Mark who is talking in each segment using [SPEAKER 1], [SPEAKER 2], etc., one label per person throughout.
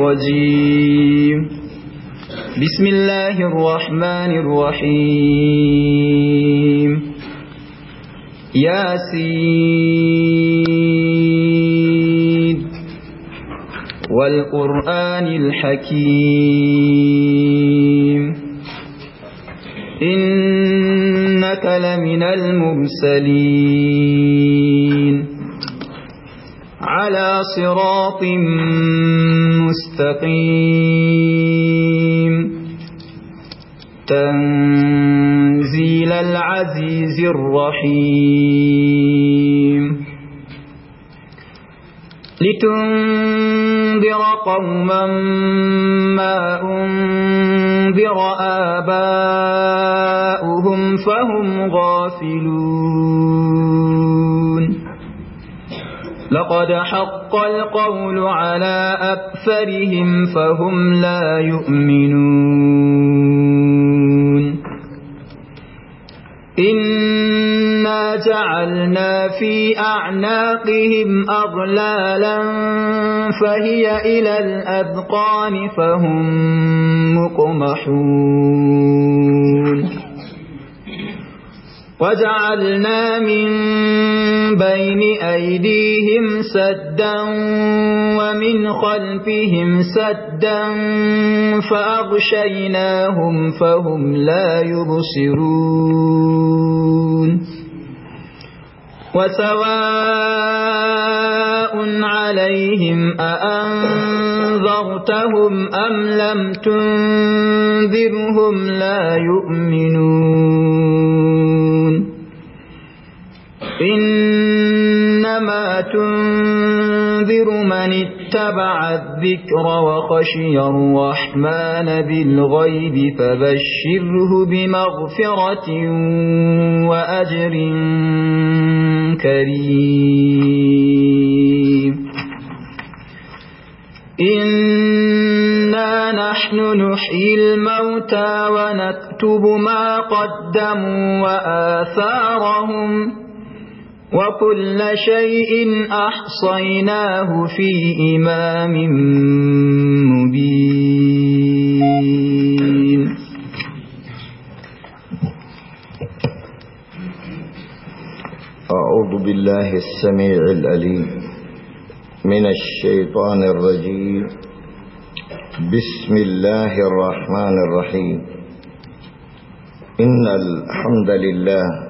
[SPEAKER 1] الرجيم بسم الله الرحمن الرحيم ياسين والقرآن الحكيم إنك لمن المرسلين على صراط مستقيم تنزيل العزيز الرحيم لتنذر قوما ما أنذر آباؤهم فهم غافلون لقد حق حق القول على أكثرهم فهم لا يؤمنون إنا جعلنا في أعناقهم أغلالا فهي إلى الأذقان فهم مقمحون وجعلنا من بين أيديهم سدا ومن خلفهم سدا فأغشيناهم فهم لا يبصرون وسواء عليهم أأنذرتهم أم لم تنذرهم لا يؤمنون إنما تنذر من اتبع الذكر وخشي الرحمن بالغيب فبشره بمغفرة وأجر كريم إِنَّا نَحْنُ نُحْيِي الْمَوْتَى وَنَكْتُبُ مَا قَدَّمُوا وَآثَارَهُمْ وكل شيء أحصيناه في إمام مبين
[SPEAKER 2] أعوذ بالله السميع الأليم من الشيطان الرجيم بسم الله الرحمن الرحيم إن الحمد لله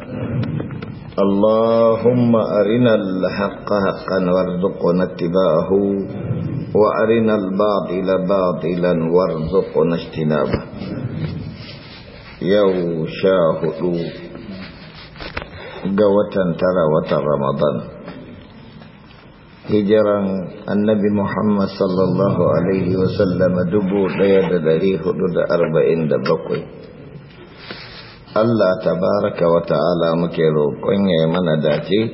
[SPEAKER 2] اللهم أرنا الحق حقا وارزقنا اتباعه وأرنا الباطل باطلا وارزقنا اجتنابه يو شاهدوا قوة ترى رمضان هجرا النبي محمد صلى الله عليه وسلم دبو ليد دريه دد أربعين دبقوي Allah tabaraka wa ta'ala muke roƙon ya mana dace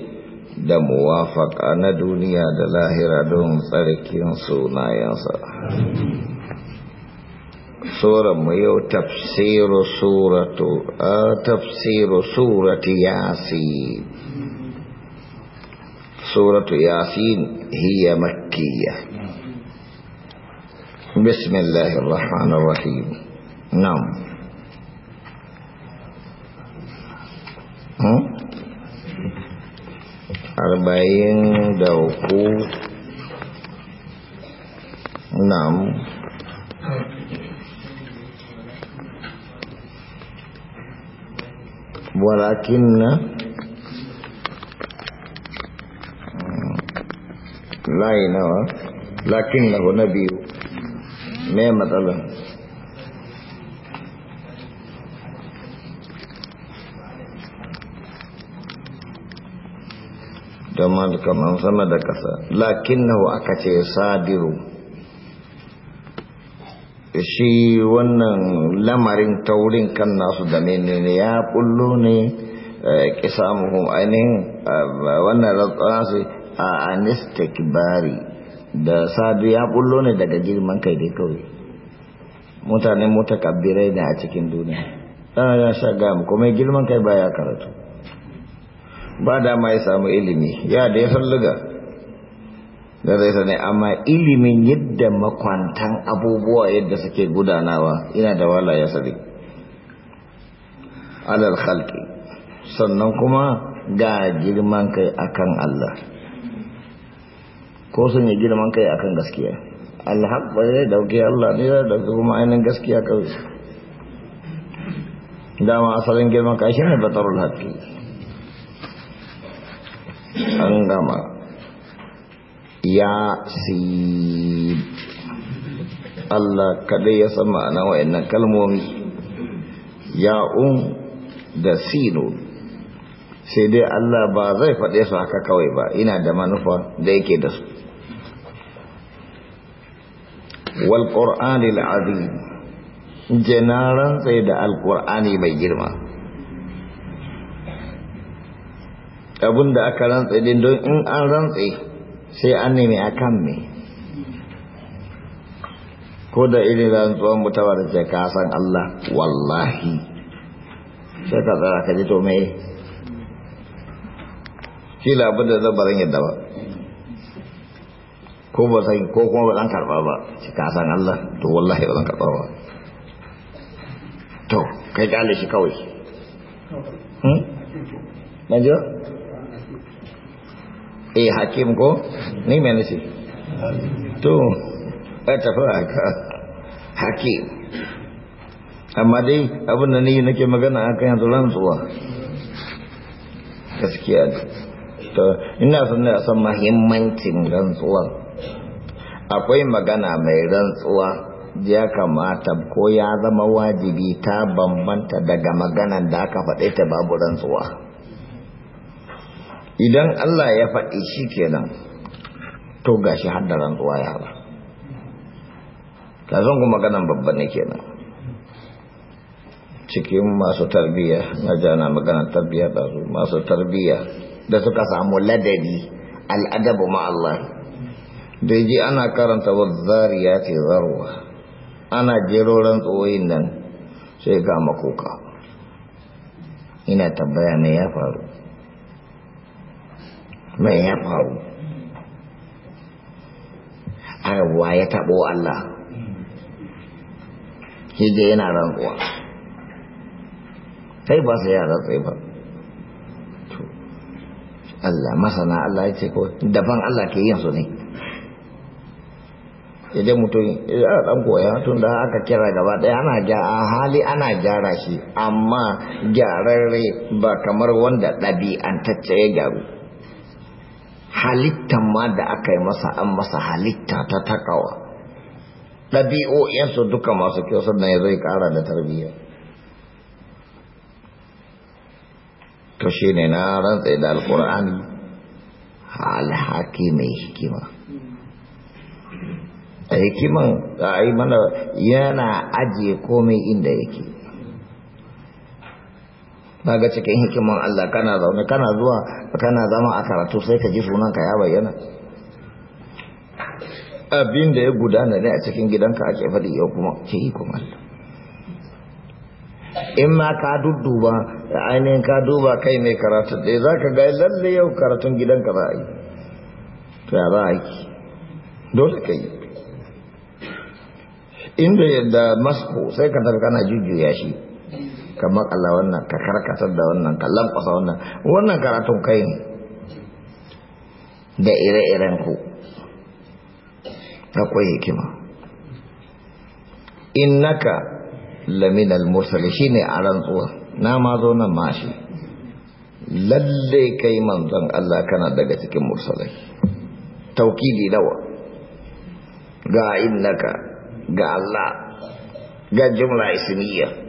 [SPEAKER 2] da muwafaƙa na duniya da lahira don tsarkin sunayensa. Suran mu yau tafsiru suratu a tafsiru surati yasin. Suratu yasin hiya makkiya. Bismillahirrahmanirrahim. Na'am. Hmm? arba'in da uku nam walakinna hmm, lainawa lakinna nabi mai matsalar sama da kaman sama da kasa lakinnahu aka ce sadiru shi wannan lamarin taurin kan nasu da menene ya bullo ne eh, kisamuhum ainihin eh, wannan su a anistikbari da sadu ya bullo ne daga girman kai dai kawai mutane mutakabbirai ne a cikin duniya ah, ya sha gamu kuma girman kai baya karatu ba dama ya samu ilimi ya da ya salluga da zai sani amma ilimin yadda makwantan abubuwa yadda suke gudanawa ina da wala ya sani alal khalqi sannan kuma ga girman kai akan Allah ko sun yi girman kai akan gaskiya Allah ba ya dauke Allah ne da dauke kuma ainihin gaskiya kawai dama asalin girman kai ne batarul haƙƙi an gama ya si Allah kaɗai ya san ma'ana wa'annan kalmomi ya'un um da sinu sai dai Allah ba zai faɗe su haka kawai ba ina da manufa da yake da su wal ƙor'anil azim janaran sai da alƙur'ani mai girma abin da aka rantsa din don in an rantsa sai an nemi a kan me ko da iri rantsuwan mutawa da ce ka san Allah wallahi sai ka tsara ka ji to me shi labu da zan yadda ba ko ba sai ko kuma ba zan karba ba shi ka san Allah to wallahi ba zan karba ba to kai kale shi kawai hmm? Najwa? eh hakim ko ni me nace tu ba eh, ta haka hakim amma dai abin da ni nake magana akan yanzu rantsuwa gaskiya ne to ina son na san mahimmancin rantsuwa akwai magana mai rantsuwa ya kamata ko ya zama wajibi ta bambanta daga maganan da aka faɗe ta babu rantsuwa idan Allah ya faɗi shi kenan to gashi haddaran tsuwa ya ba ta zan kuma ganin babban ne kenan cikin masu tarbiyya na jana magana tarbiyya da su masu tarbiyya da suka samu ladabi al'adabu ma'allah da ji ana karanta ya ce zarwa ana jeroren tsoyin nan sai ga makoka ina tambaya ne ya faru mai ya faru arwa ya taɓo Allah shi da yana rantsuwa sai ba su yara tsaye ba Allah masana Allah ya ce ko daban Allah ke yin su ne idan mutum ya dan koya tun da aka kira gaba daya ana ja a hali ana gyara shi amma gyararre ba kamar wanda ɗabi'antacce ya gyaru halittan ma da aka yi masa an masa halitta ta takawa ɗabi'o'insu duka masu kyau sannan ya zai ƙara da tarbiyya to shi ne na rantse da alƙur'ani alhaki mai hikima a hikiman a yi mana yana ajiye komai inda yake na ga cikin hikiman Allah kana zaune kana zuwa kana zama a karatu sai ka ji sunanka ya bayyana abin da ya gudana ne a cikin gidanka a da yau kuma ke yi kuma Allah in ma ka dudduba da ainihin ka duba kai mai karatun ɗaya za ka ga lalle yau karatun gidanka za a yi to ya za a yi dole ka yi inda yadda masko sai ka tafi kana jujjuya shi ka makala wannan ka karkatar da wannan ka lankwasa wannan wannan karatun kai da ire-iren ku akwai hikima innaka laminal mursali ne a rantsuwa na ma zo nan mashi lalle kai manzon Allah kana daga cikin mursalai taukili nawa ga innaka ga Allah ga jumla ismiya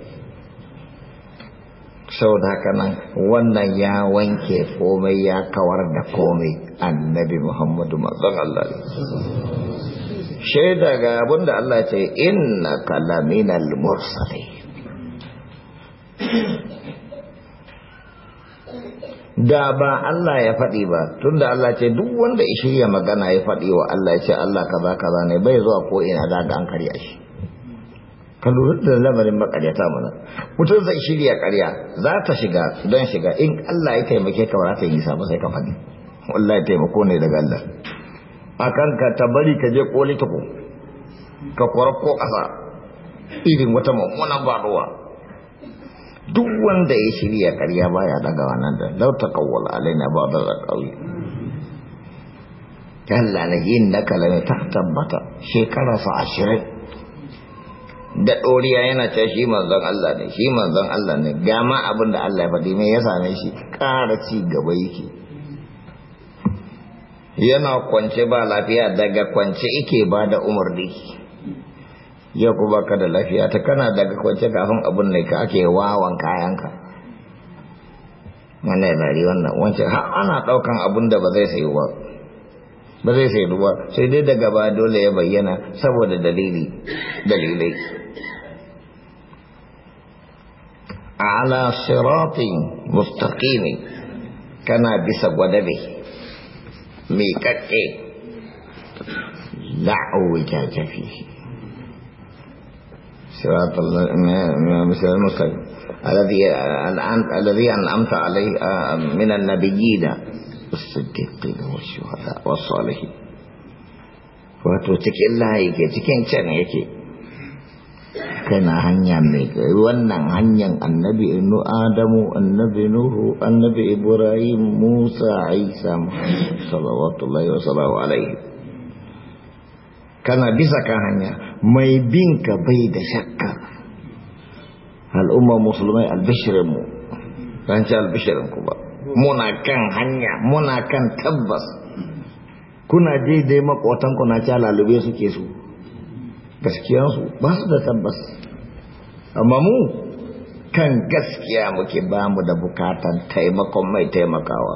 [SPEAKER 2] sau da haka nan wannan ya wanke komai ya kawar da komai annabi muhammadu mazan Allah shaida ga abinda Allah ce inna kalaminal mursali da ba Allah ya faɗi ba tunda Allah ce duk wanda ya shirya magana ya faɗi wa Allah ya ce Allah ka kaza kaza ne bai zuwa ko ina za ga an karya shi ka lura da lamarin makaryata mana mutum zai shirya karya za ta shiga don shiga in Allah ya taimake ka ba ta yi nisa sai ka faɗi wallahi taimako ne daga Allah A kan ka ta bari ka je koli ta ku ka ko ƙasa irin wata mummunan ruwa duk wanda ya shirya karya ya daga wannan da lau ta kawwala alaina ba da zakawi Allah na yin na kalame ta tabbata shekara sa ashirin da ɗoriya yana ta shi manzon Allah ne shi manzon Allah ne ga ma abin da Allah ya faɗi me ya same shi ƙara ci gaba yake yana kwance ba lafiya daga kwance yake ba da umarni ya ku baka da lafiya ta kana daga kwance kafin abin ne ka ake wawan kayanka wannan lari wannan wancan har ana ɗaukan abin da ba zai sayi ba ba zai sai ruwa sai dai daga ba dole ya bayyana saboda dalili dalilai ala siratin mustaqimi kana bisa gwadabe mai kakke da'u wajajafi siratul mustaqim الذي الذي أنعمت عليه من النبيين الصديقين والشهداء والصالحين wato cikin layi ke cikin can yake kana hanya mai wannan hanyar annabi inu adamu annabi nuhu annabi ibrahim musa isa salawatullahi wa salamu alaihi kana bisa kan hanya mai bin ka bai da shakka al'umma musulmai albishirinmu ran ci albishirinku ba muna kan hanya muna kan tabbas kuna je dai makotan kuna ca lalube suke su gaskiyansu ba su da tabbas amma mu kan gaskiya muke ba mu da bukatan taimakon mai taimakawa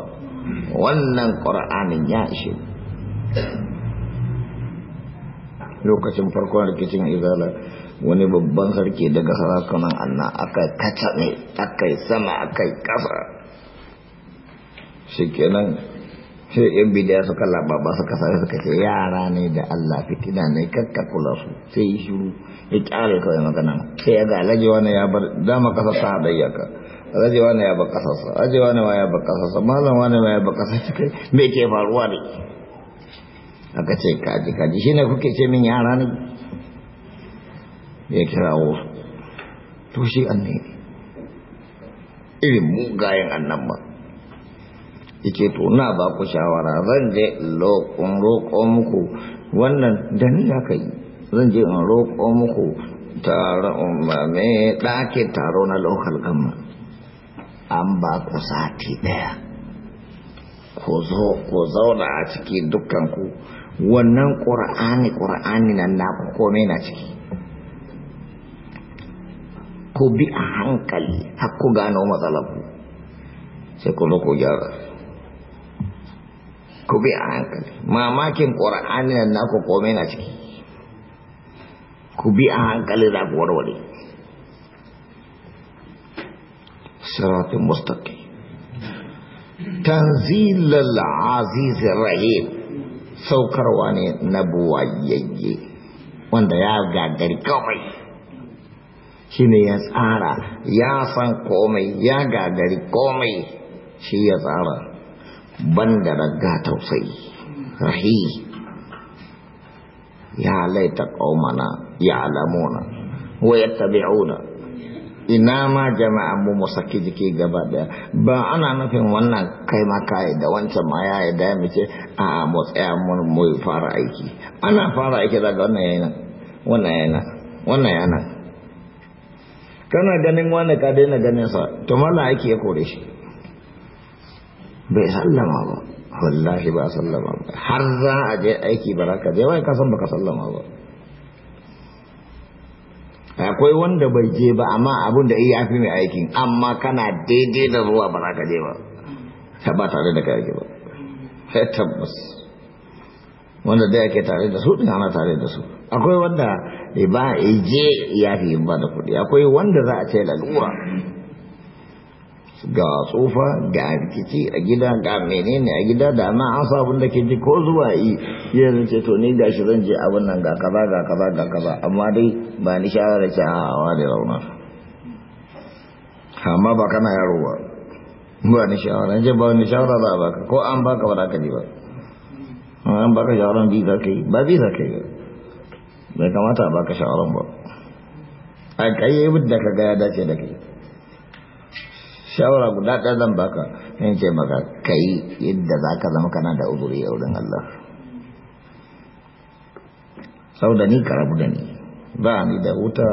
[SPEAKER 2] wannan ƙur'anin ya ishe lokacin farkon rikicin izala wani babban sarki daga sarakunan anna aka kaca ne aka sama akai yi shikenan sai yan bidiya suka laba ba suka sai suka ce yara ne da Allah fitina ne kakka kula su sai yi shiru ya kyale kawai magana sai ya ga alaji wani ya bar dama kasa ta haɗayya ka alaji wani ya bar sa alaji wani ma ya bar sa malam wani ma ya bar kasarsa kai me ke faruwa ne aka ce kaji kaji ne kuke ce min yara ne ya kirawo to shi annabi irin mugayen annan yake to na ba ku shawara zan je in roƙo muku wannan da ni aka yi zan je in roƙo muku da ɗakin taro na lokal gama an ba ku sati ɗaya ku zauna a ciki dukkanku wannan ƙura'ani ƙura'ani nan na ku kome na ciki ku bi a hankali har ku gano matsalar ku sai ku ku gyara ku bi a hankali mamakin ƙura'ani nan naku kome na ciki ku bi a hankali za ku warware siratun mustaqim tanzilal azizir rahim saukarwa ne na buwayayye wanda ya gagari kawai shine ya tsara ya san komai ya gagari komai shi ya tsara banda ragga tausayi rahi ya laita qaumana ya alamuna wa yattabi'una ina ma jama'a mu musaki jiki gaba daya ba ana nufin wannan kai ma kai da wancan ma ya yarda ya mace a mu tsaya mu fara aiki ana fara aiki daga wannan yana wannan yana wannan yana kana ganin wani ka daina ganin sa to mallan aiki ya kore shi bai sallama ba wallahi ba sallama ba har za a je aiki ba za ka je wai ka san baka sallama ba akwai wanda bai je ba amma abin da iya fi mai aikin amma kana daidai da ruwa ba za ka je ba ta ba tare da ka ba sai tabbas wanda da yake tare da su ina ana tare da su akwai wanda ba ije ya fi ba da kuɗi akwai wanda za a ce lalura ga tsufa ga rikici a gida ga menene a gida da ma an sa abin da ke ji ko zuwa yi yanzu ce to ni ga shi zan je abin nan ga kaza ga kaza ga kaza amma dai ba ni shawara ce a hawa da rauna amma ba kana yaro ba ba ni shawara je ba ni shawara ba ba ko an baka ba za ka ji ba an baka shawaran bi za ka yi ba bi za ka yi bai kamata a baka shawaran ba a kayyabin da ka ga ya dace da kai shawara guda ɗaya zan baka yin ce maka kai yadda za ka zama kana da uzuri a wurin Allah sau da ni karabu da ni ba ni da wuta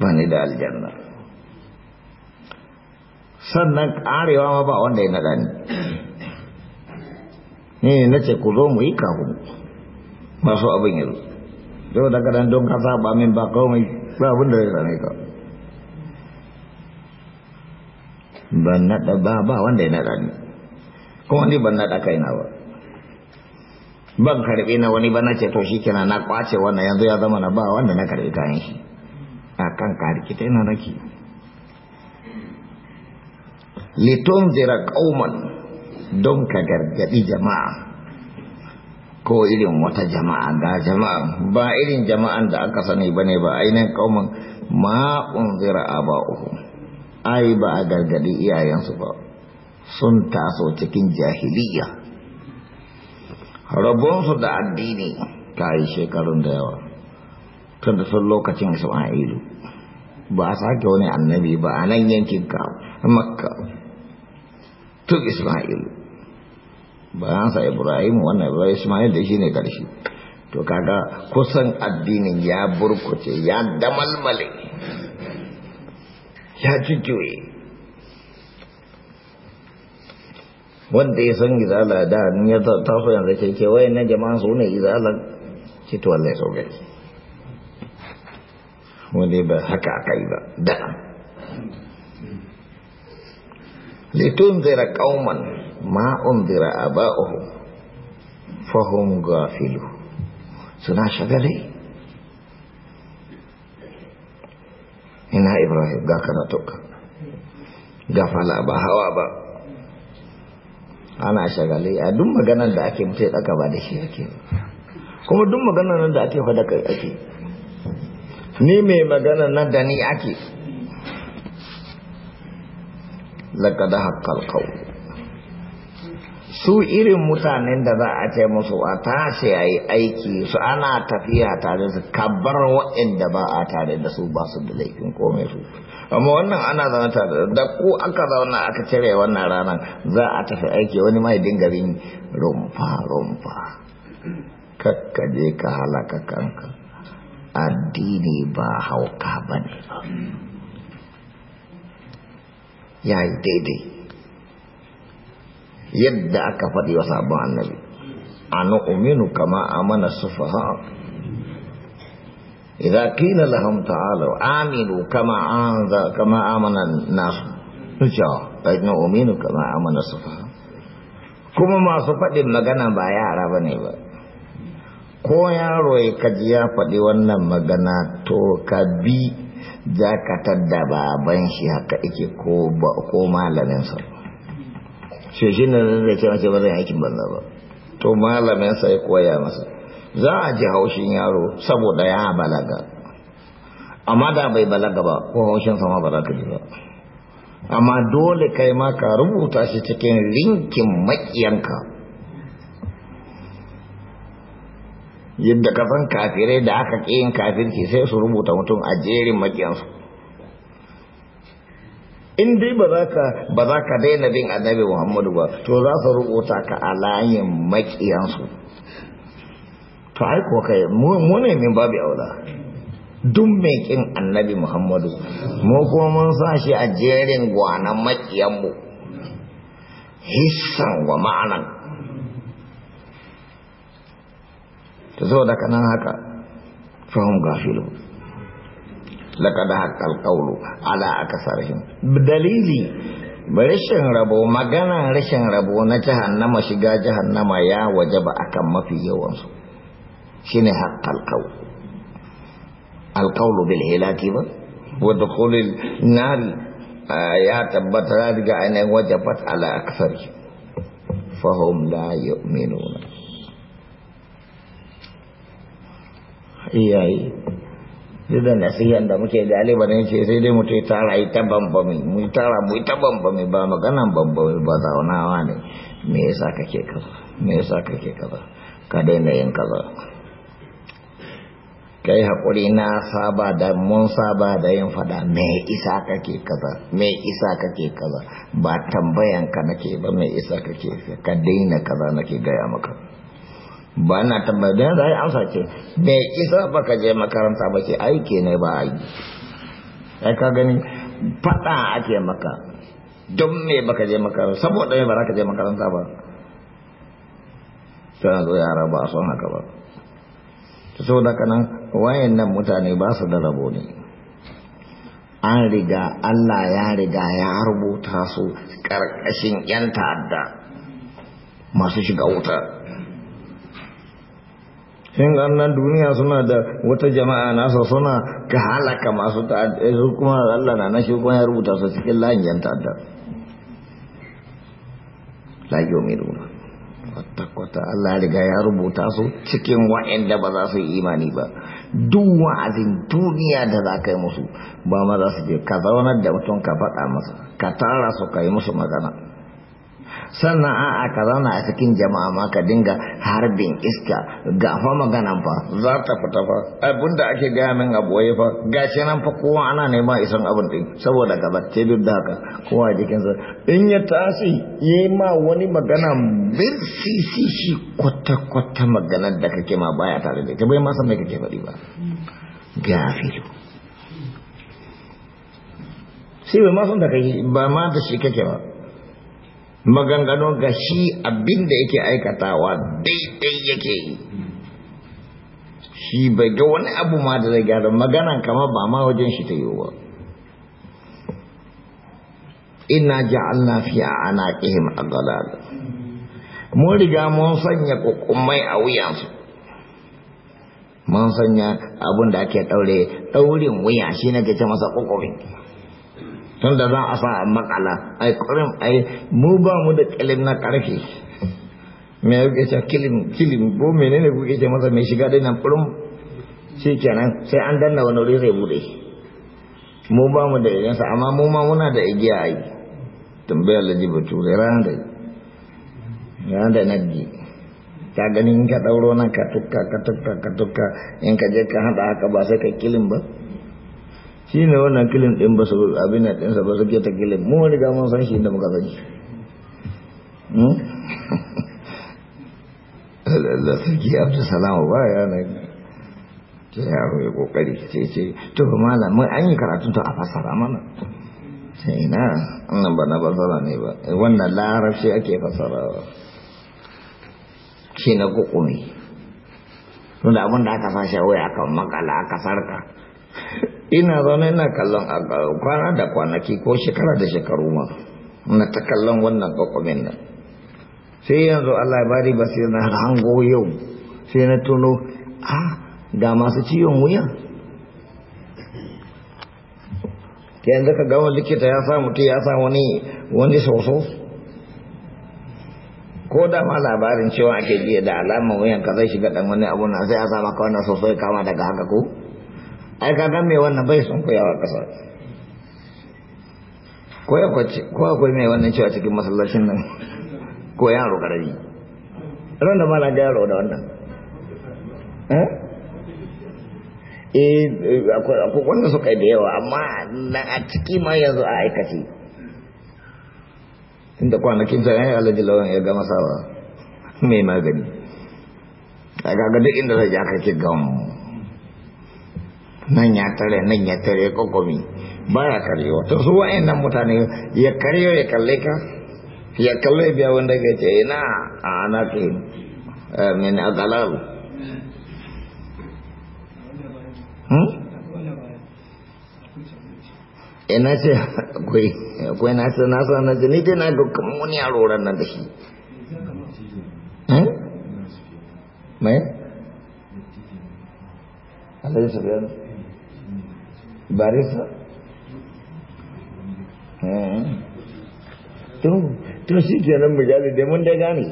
[SPEAKER 2] ba ni da aljanna sannan karewa ma ba wanda ya naɗa ni ne na ce ku zo mu yi kahu masu abin yanzu yau da kaɗan don ka saba min ba kawai ba abin da ya same ka ban naɗa ba ba wanda ya naɗa ni kuma ni ban naɗa na ba ban karɓe na wani ba na ce to shi kenan na kwace wannan yanzu ya zama na ba wanda na karɓi kayan shi a kan karki ta ina nake litun zira ƙauman don ka gargaɗi jama'a ko irin wata jama'a ga jama'a ba irin jama'an da aka sani ba ne ba ainihin ƙauman ma'un zira uku ai ba a gargadi iyayensu ba sun taso cikin jahiliya rabonsu da addini ta yi shekarun da yawa tun da sun lokacin isma'ilu ba a sake wani annabi ba a nan yankin ka makka tun isma'ilu sa ibrahim wannan ibrahim ismail da shi ne ƙarshe to kaga kusan addinin ya burkuce ya damalmale ya jujjuye wanda ya san izala da ya taso yanzu ke kewayen na jama'a su ne izalar cito Allah sau gari. wani ba haka aka yi ba da litun zira kauman ma'un zira aba'uhu fahim gafilu suna shagalai. ina ibrahim ga karatunka ga fala ba hawa ba ana shagali a duk maganar da ake mutai daga ba da shi yake kuma duk maganar nan da ake fada kai ake ni mai maganar nan da ni ake laqad haqqal qawl su irin mutanen da za a ce musu a tashi a yi aiki su ana tafiya tare su kabar waɗanda ba a tare da su ba su da laifin kome su amma wannan ana zama tare da ku aka zauna aka cire wannan ranar za a tafi aiki wani mai dinga rin rumfa rumfa kakkaje ka halaka kanka addini ba hauka ba ne ya yi daidai yadda aka faɗi wa sabon annabi anu uminu kama amana sufaha idza qila lahum ta'alu aminu kama anza kama amana nas nuja ayna uminu kama amana sufaha kuma masu faɗin magana ba yara bane ba ko yaro ya kaji ya faɗi wannan magana to ka bi za ka tadda baban shi haka ike ko malaminsa sai shi ne zai ce mace ba zai aikin banza ba to malamin sa ya koya masa za a ji haushin yaro saboda ya balaga amma da bai balaga ba ko haushin sama ba za ka ji ba amma dole kai ma ka rubuta shi cikin rinkin makiyanka yadda ka san kafirai da aka ƙi yin kafirki sai su rubuta mutum a jerin makiyansu in dai ba za ka ba za ka daina bin annabi Muhammadu ba to za su rubuta ka a layin makiyansu to ai ko kai mu ne min babu aula duk mai kin annabi Muhammadu mu kuma mun sa shi a jerin gwana makiyanmu hissan wa ma'anan to zo da kana haka fahim gafilu laqad haqqal ala akasarihim dalili rashin rabo magana rashin rabo na jahannama shiga jahannama ya wajaba akan mafi yawansu ba ya tabbata daga ainihin wajabat duk da nasihan da muke galiban ce sai dai mutu tara yi ta bambami mu tara mu ta bambami ba maganan bambami ba zaunawa ne me yasa kake kaza me yasa kake kaza ka daina yin kaza kai haƙuri na saba da mun saba da yin fada me isa kake kaza me isa kake kaza ba tambayan ka nake ba me isa kake ka daina kaza nake gaya maka ba na tabbatar da ya amsa ce bai isa ba ka je makaranta ba ce aiki ne ba aiki. ya ka gani fada ake maka don me ka je makaranta saboda me ba za ka je makaranta ba tana zo yara ba a son haka ba ta da kanan wayan nan mutane ba su da rabo ne an riga Allah ya riga ya rubuta su karkashin 'yan ta'adda masu shiga wuta shin annan duniya suna da wata jama'a nasa suna ka halaka masu ta'adda eh, su kuma Allah na nashi kuma ya rubuta su cikin layin yan ta'adda la yu'minuna wata kwata Allah riga ya rubuta su cikin wa'anda ba za su yi imani ba duk wa'azin duniya da za ka yi musu ba ma za su je ka zaunar da mutum ka faɗa masa ka tara su ka yi musu magana sannan a ka zauna a cikin jama'a ma ka dinga harbin iska ga fa maganan fa za ta fita fa abinda ake gaya min abu abuwaye fa gashi nan fa kowa ana nema isan abin din saboda gaba ce duk da haka kowa jikin sa in ya tashi yi ma wani magana bin sisi shi kwata kwata magana da kake ma baya tare da ita bai ma san me kake faɗi ba gafilu sai bai ma san da kake ba ma da shi kake ba maganganun ga shi abin da yake aikatawa daidai yake yi shi bai ga wani abu ma da zai gyara maganan kama ba ma wajen shi ta yi wa ina ana fi anaqihim aghlal mun riga mun sanya kokumai a wuyansu mun sanya abun da ake ɗaure ɗaurin wuya shi na ce masa kokumi tunda za a sa a makala ai kurin ai mu ba mu da kilim na karfi me yake ce kilim kilim ko menene kuke ce masa mai shiga dai nan kurin shi kenan sai an danna wani wuri zai bude mu ba mu da irinsa amma mu ma muna da igiya ai tambayar laji bature ranar da ranar da naggi ka gani in ka dauro nan ka tukka ka tukka ka tukka in ka je ka hada haka ba sai ka kilim ba shi ne wannan kilin ɗin ba su abin da ɗinsa ba su ke ta kilin mu wani gaman san shi da muka sani da hmm? sarki abdu salamu ba ya na ce ya kokari ce ce to ba mun an yi karatun to a fasara mana ce ina annan ba na fasara ne ba wannan larabci ake fasara ba. shi na kukumi tunda abin da aka sashe waya aka makala aka sarka ina zaune ina kallon kwana da kwanaki ko shekara da shekaru ma na ta kallon wannan kwakwamin nan sai yanzu allah ya bari ba sai na hango yau sai na tuno a ah, ga masu ciwon wuya yanzu ka gawon likita ya sa mutu ya sa wani wani soso ko da ma labarin cewa ake jiya da alaman wuyan ka zai shiga dan wani abu na sai a sa maka wannan soso ya kama daga haka ko ai ka dan mai wannan bai sun koyawa ƙasa ko ya ko akwai mai wannan cewa cikin masallacin nan ko yaro karami ran da mala ga yaro da wannan eh, eh, eh akwai wanda suka yi da yawa amma a ciki ma yanzu a aikace inda kwanakin can ya eh, alaji lawan ya gama sawa mai magani a gaga duk inda zai ya kake gamu nan ya tare nan ya tare kokomi baya karewa to su wa'annan eh, mutane ya karewa ya kalle ka ya kalle biya wanda ke ce ina a ana ke min agalal ina ce akwai akwai na ce na sa na ce ni dai na ga kamar wani yaro ran nan da shi mai ya sabiyan barisa to shi kenan mujali dai mun dai gane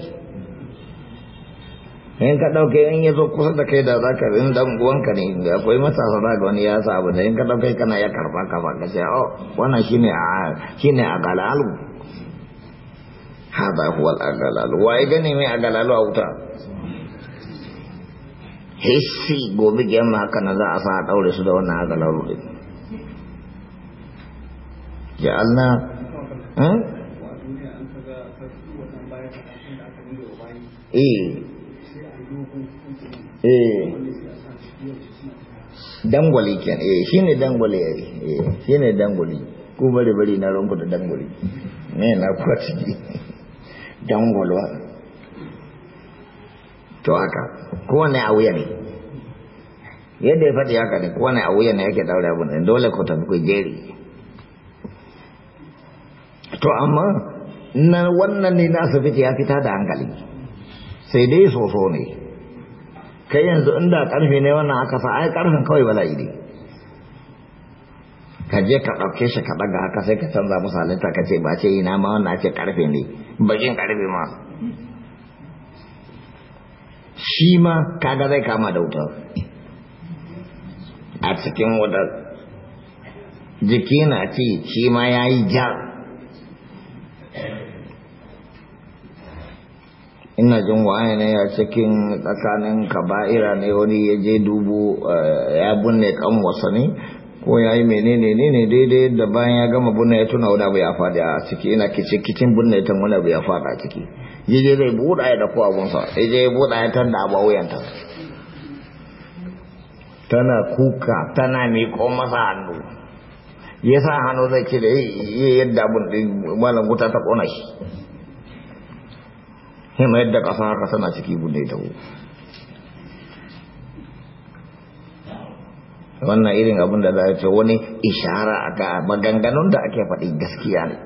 [SPEAKER 2] in ka ɗauke in ya zo kusa da kai da za ka in dan uwanka ne akwai matasa za ga wani ya sa abu da in ka ɗauke kana ya karba ka ba ka oh wannan shine a shine a galalu hada huwa al-agalalu wa ya gane mai agalalu a wuta hissi gobe gemma haka na za a sa a daure su da wannan agalalu ja'alna
[SPEAKER 1] eh eh
[SPEAKER 2] dangwali ke eh shine dangwali eh, eh shine dangwali ko bare bare na rungu da dangwali ne na kwaci dangwalwa to haka kowane a wuya ne yadda ya faɗi haka ne kowane a wuya ne yake daure abin dole ku tafi ku jeri to amma na wannan ne na asibiti ya fita da hankali sai dai soso ne kai yanzu inda karfe ne wannan aka sa ai karfin kawai bala'i ne ka je ka dauke shi ka daga aka sai ka canza musu halitta ka ce ba ce ina ma wannan ce karfe ne bakin karfe ma shi ma kaga zai kama da wuta a cikin wadar jiki na ce shi ma ya yi jar ina jin waye ne a cikin tsakanin kaba'ira ne wani ya je dubu eh, ya bunne kan wasa ne ko ya yi menene ne ne daidai da bayan ya gama bunne ya tuna wani abu ya faɗi a ciki ina kici kicin bunne ta wani abu ya faɗi a ciki ya je zai buɗa ya abun abunsa ya je buɗa ya tanda abu wuyanta tana kuka tana miƙo masa hannu ya sa hannu zai ce da yadda abun malam wuta ta ƙona shi sai mai yadda ƙasa haka tana ciki bude ta wannan irin abin da za a ce wani ishara a ga maganganun da ake faɗi gaskiya ne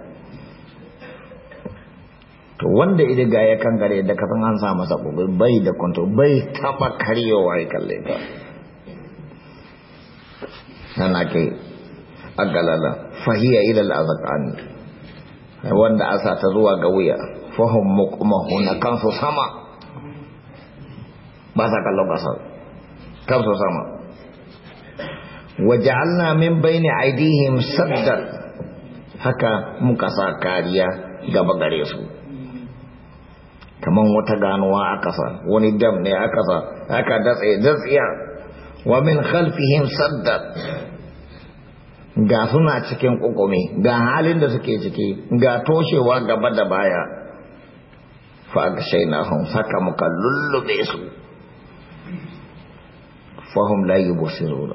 [SPEAKER 2] to wanda idan ga ya kangare da kafin an sa masa gobe bai da kwanto bai taba karyewa ya kalle ta sana ke agalala fahiya ila al'azqani wanda asa ta zuwa ga wuya fahim muqmahuna kansu sama ba sa kallon kasar kansu sama Waje waja'alna min bayni aidihim sadar haka muka sa kariya gaba gare su Kamar wata ganuwa a ƙasa wani dam ne a kasa aka datse datsiya wa min khalfihim sadar ga suna cikin ƙuƙumi ga halin da suke ciki ga toshewa gaba da baya فأغشيناهم فكمك للبسوا فهم لا يبصرون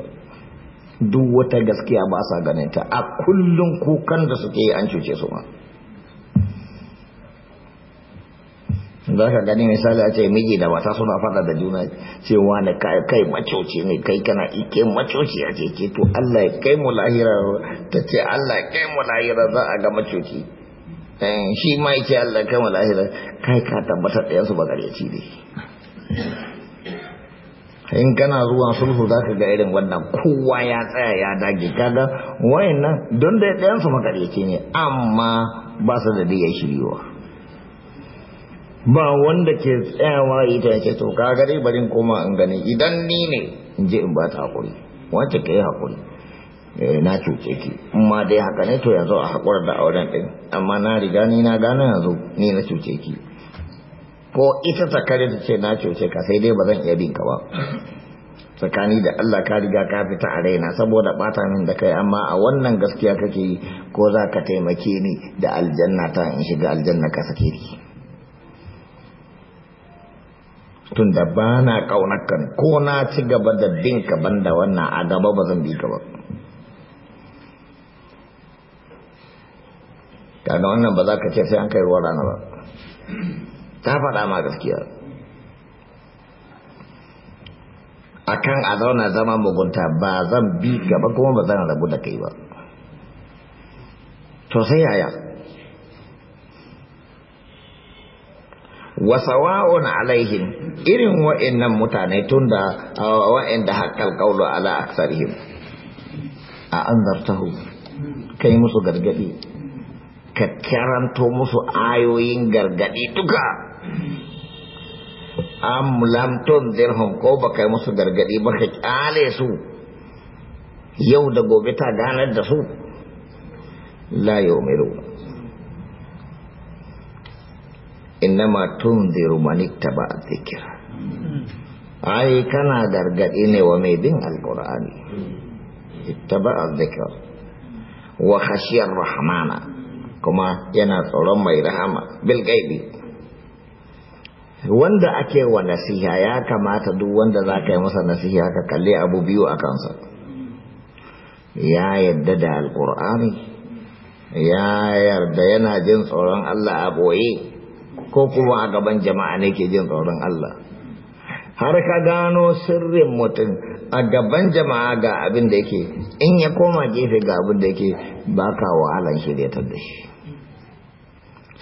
[SPEAKER 2] duk wata gaskiya ba sa ganin ta a kullum kukan da suke yi an cuce su ma za ka gani misali a ce miji da mata suna fada da juna cewa na kai macoci ne kai kana ike macoci a ce to Allah ya kai mu lahira ta ce Allah ya kai mu lahira za a ga macoci Eh, shi ma ce Allah kama lahira kai ka tabbatar da yansu ba gareci ne in kana zuwa sulhu za ka ga irin wannan kowa ya tsaya ya dage kaga wayan nan don da ɗayansu makaryaci ne amma ba su da diga shiriwa ba wanda ke tsayawa ita ya ce to kaga dai barin koma in gani idan ni ne in je in ba ta haƙuri wacce ka yi haƙuri. Eh, na cuce ki amma dai haka ne to yanzu a haƙura da auren ɗin amma na riga ni na gane yanzu ni na cuce ki ko ita ta kare ta ce na cuce ka sai dai ba zan iya bin ka ba tsakani da Allah ka riga ka fita a raina saboda bata min da kai amma a wannan gaskiya kake yi ko za ka taimake ni da aljanna ta in shiga aljanna ka sake ni tun da ba na ka ko na ci gaba da bin ka banda wannan a gaba ba zan bi ka ba kaga wannan ba za ka ce sai an kai ruwa rana ba ta faɗa ma gaskiya A kan a zauna zama mugunta ba zan bi gaba kuma ba zan rabu da kai ba to sai yaya alaihin alaihim irin wa'annan mutane tun da da haƙƙal ƙaunar ala aksarihim a an zartahu kai musu gargaɗi ka to musu ayoyin gargadi duka am lam tunzirhum ko ba musu gargadi ba ka kyale su yau da gobe ta ganar da su la yumiru innama tunziru man ittaba dhikra ai kana gargadi ne wa mai din alqur'ani ittaba dhikra wa khashiyar rahmana kuma yana tsoron mai rahama bil gaibi wanda ake wa nasiha ya kamata duk wanda za ka yi masa nasiha ka kalli abu biyu a kansa ya yadda da alkur'ani ya yarda yana jin tsoron Allah a boye ko kuma a gaban jama'a ne ke jin tsoron Allah har ka gano sirrin mutum a gaban jama'a ga abin da yake in ya koma gefe ga abin da yake ba ka wa'alan shiryatar da shi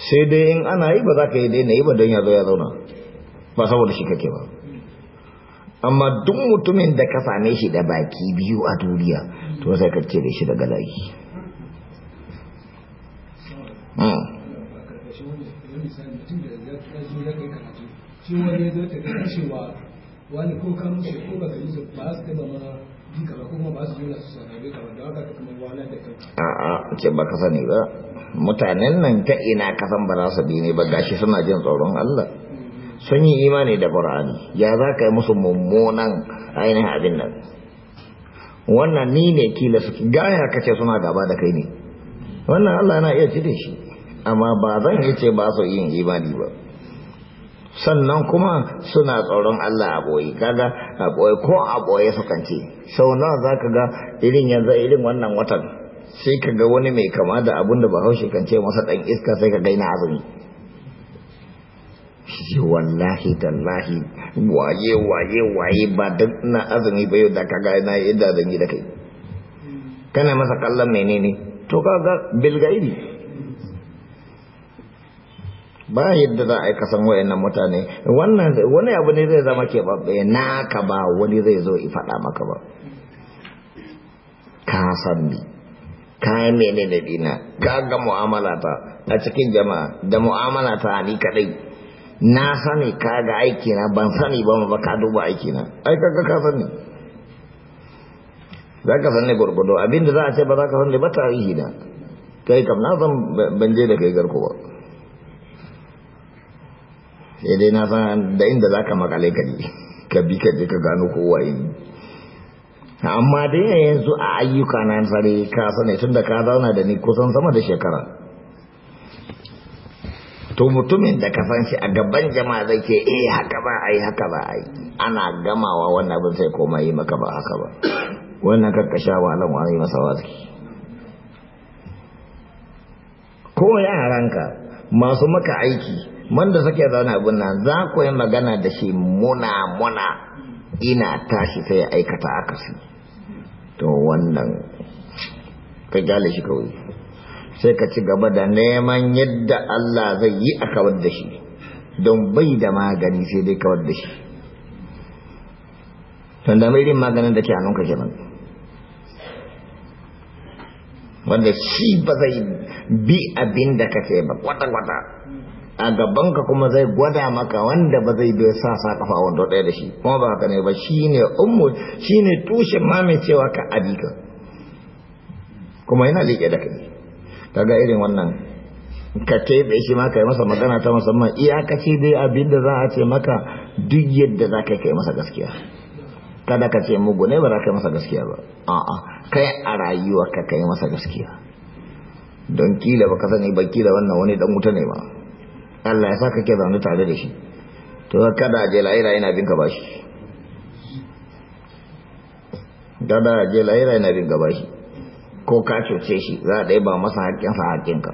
[SPEAKER 2] sai dai in ana yi ba za ka yi dai na yi ba don ya zo ya zauna ba saboda shi kake ba amma duk mutumin da ka same shi da baki biyu a duniya to sai ka da shi daga layi
[SPEAKER 1] ka ba da
[SPEAKER 2] a'a ce ba ka sani ba mutanen nan ta ina kasan ba za su bi ne ba gashi suna jin tsoron Allah sun yi imani da Qur'ani ya za ka yi musu mummunan ainihin abin nan wannan ni ne kila su gaya kace suna gaba da kai ne wannan Allah yana iya cire shi amma ba zan yi ce ba su yin imani ba sannan kuma suna tsoron Allah a boye kaga a boye ko a boye sukan ce sau nawa za ka ga irin yanzu irin wannan watan sai ka ga wani mai kama da abin da bahaushe kan ce masa ɗan iska sai ka gaina azumi shi wallahi tallahi waye waye waye ba duk na azumi ba yau da ka ga na yadda da da kai kana masa kallon menene to ka ga bilgairi ba yadda za a yi kasan wayannan mutane wannan wani abu ne zai zama ke Na naka ba wani zai zo i faɗa maka ba ka san ni kayan menene dina ga ga mu'amala ta a cikin jama'a da mu'amala ta ni kadai na sani ka ga aiki na ban sani ba ma ka duba aiki na ai ka ka sani za ka sani gurgudu abinda za a ce ba za ka sani ba tarihi na kai kam na san ban je da kai garko ba sai dai na san da inda za ka makale ka je ka bi ka je ka gano kowa yi amma dai yanzu a ayyuka na tsare ka sani tun da ka zauna da ni kusan sama da shekara to mutumin da ka san shi a gaban jama'a zai ke eh haka ba ai haka ba ai ana gamawa wannan abin sai koma yi maka ba haka ba wannan karkasha wahalan wani masa wazi ko yaranka masu maka aiki wanda suke zauna abin nan za ku yi magana da shi muna muna ina tashi sai aikata akasi to wannan ka gyale shi kawai sai ka ci gaba da neman yadda Allah zai yi a kawar da shi don bai da magani sai dai kawar da shi don da irin maganin da ke ka kenan wanda shi ba zai bi abin da kake ba kwata-kwata a gabanka kuma zai gwada maka wanda ba zai bai sa sa kafa wando ɗaya da shi kuma ba ka ne ba shi ne ummu shi ne tushen mamin cewa ka abika kuma yana liƙe da kai kaga irin wannan ka keɓe shi ma kai masa magana ta musamman iyakaci dai abin da za a ce maka duk yadda za ka kai masa gaskiya kada ka ce mugu ne ba za ka yi masa gaskiya ba a'a kai a rayuwa ka kai masa gaskiya don kila ba ka sani ba kila wannan wani dan wuta ne ba Allah ya sa kake zaune tare da shi to kada je la'ira ina bin ka bashi kada je la'ira ina bin ka bashi ko ka cuce shi za a ɗaya ba masa haƙƙinsa ka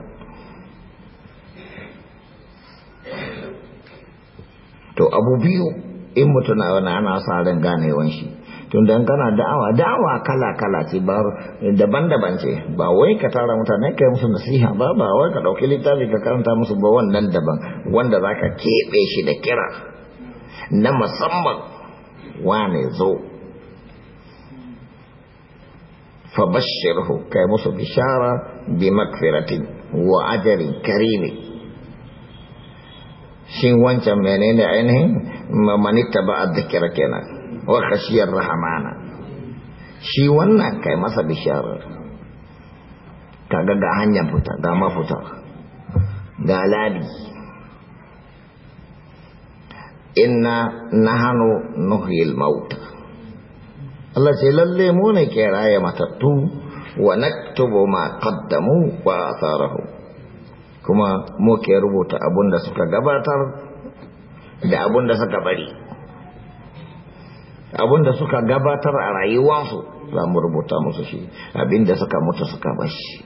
[SPEAKER 2] to abu biyu in mutuna na wani ana sa ran ganewan shi dan kana da'awa da'awa kala kala ce ba daban-daban ce ba wai ka tara mutane kai musu nasiha ba ba wai ka dauki littafi ka karanta musu ba wannan daban wanda zaka keɓe shi da kira na musamman wane zo fabashirhu kai musu bishara bi makfiratin wa ajarin karimi shi wancan menene ainihin mamanita ba a kira kenan wa khashiyar rahamana shi wannan kai masa bisharar kaga ga hanya fita ga mafuta ga labi inna nahanu nuhil mauta Allah ce lalle mu ne ke raye matattu wa naktubu ma qaddamu wa atharahu kuma mu ke rubuta abun suka gabatar da abun da suka bari abinda suka gabatar a rayuwarsu za mu rubuta musu shi abinda suka mutu suka bashi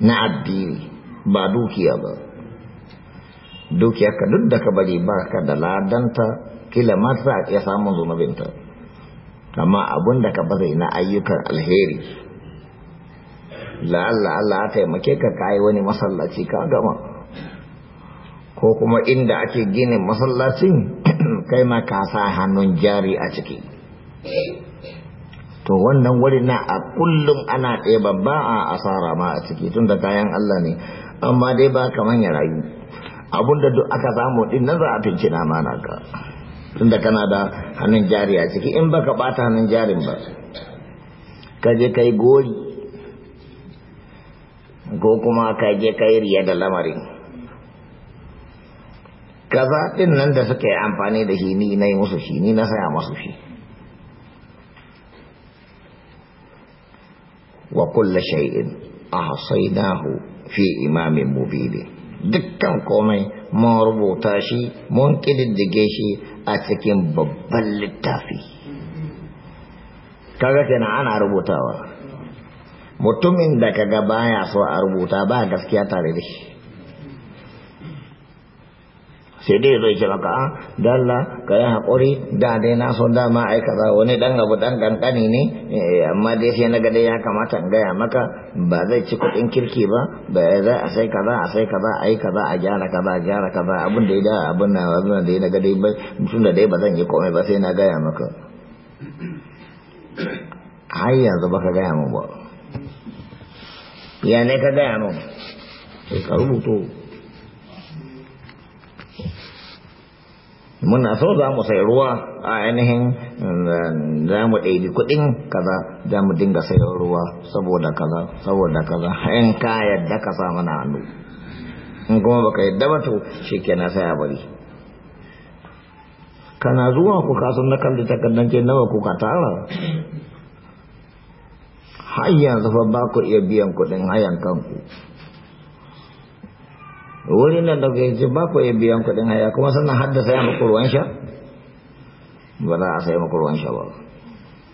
[SPEAKER 2] na addini ba dukiya ba dukiya ka duk da ka bari ba ka da ladanta kila ma a iya samun zunubinta amma abin da ka bari na ayyukan alheri la'alla Allah ya taimake ka kayi wani masallaci ka gama ko kuma inda ake ginin masallacin kai ma ka sa hannun jari a ciki to wannan wuri na a kullum ana ɗaya babba a asara ma a ciki tun kayan Allah ne amma dai ba kaman ya rayu abinda duk aka samu din nan za a finci na mana ka tun kana da hannun jari a ciki in baka bata hannun jarin ba ka je kai gori ko kuma ka je kai riya da lamarin kaza ɗin nan da suka yi amfani da shi ni na yi musu shi ni na saya musu shi wa kulla shay'in ahsaynahu fi imamin mubin dukkan komai mun rubuta shi mun kididdige shi a cikin babban littafi kaga kenan ana rubutawa mutumin da kaga baya so a rubuta ba gaskiya tare da shi sai dai zai ce maka a ah, dalla ka yi haƙuri da dai na son dama ai kaza wani dan abu dan kankani ne eh, amma dai sai na gada ya kamata in gaya maka ba zai ci kuɗin kirki ba ba zai a sai kaza a sai kaza a yi kaza a gyara kaza a gyara kaza abin da ya da abin na abin da ya na gada ba mutum da dai ba zan yi komai ba sai na gaya maka har yanzu ba ka gaya min ba ya ne ka gaya min sai ka rubuto muna so za mu sai ruwa a ainihin eh, za mu ɗaiɗi kuɗin kaza za mu dinga sai ruwa saboda kaza saboda kaza in ka yadda ka sa mana hannu in kuma baka yadda ba to shi kenan sai a bari kana zuwa ku kasan na kalli takardar ce nawa ka tara har yanzu fa ba ku iya biyan kuɗin hayan kanku wurin nan da gaji ba ku iya biyan kuɗin haya kuma sannan haddasa ya muku ruwan sha ba za a sai muku ruwan sha ba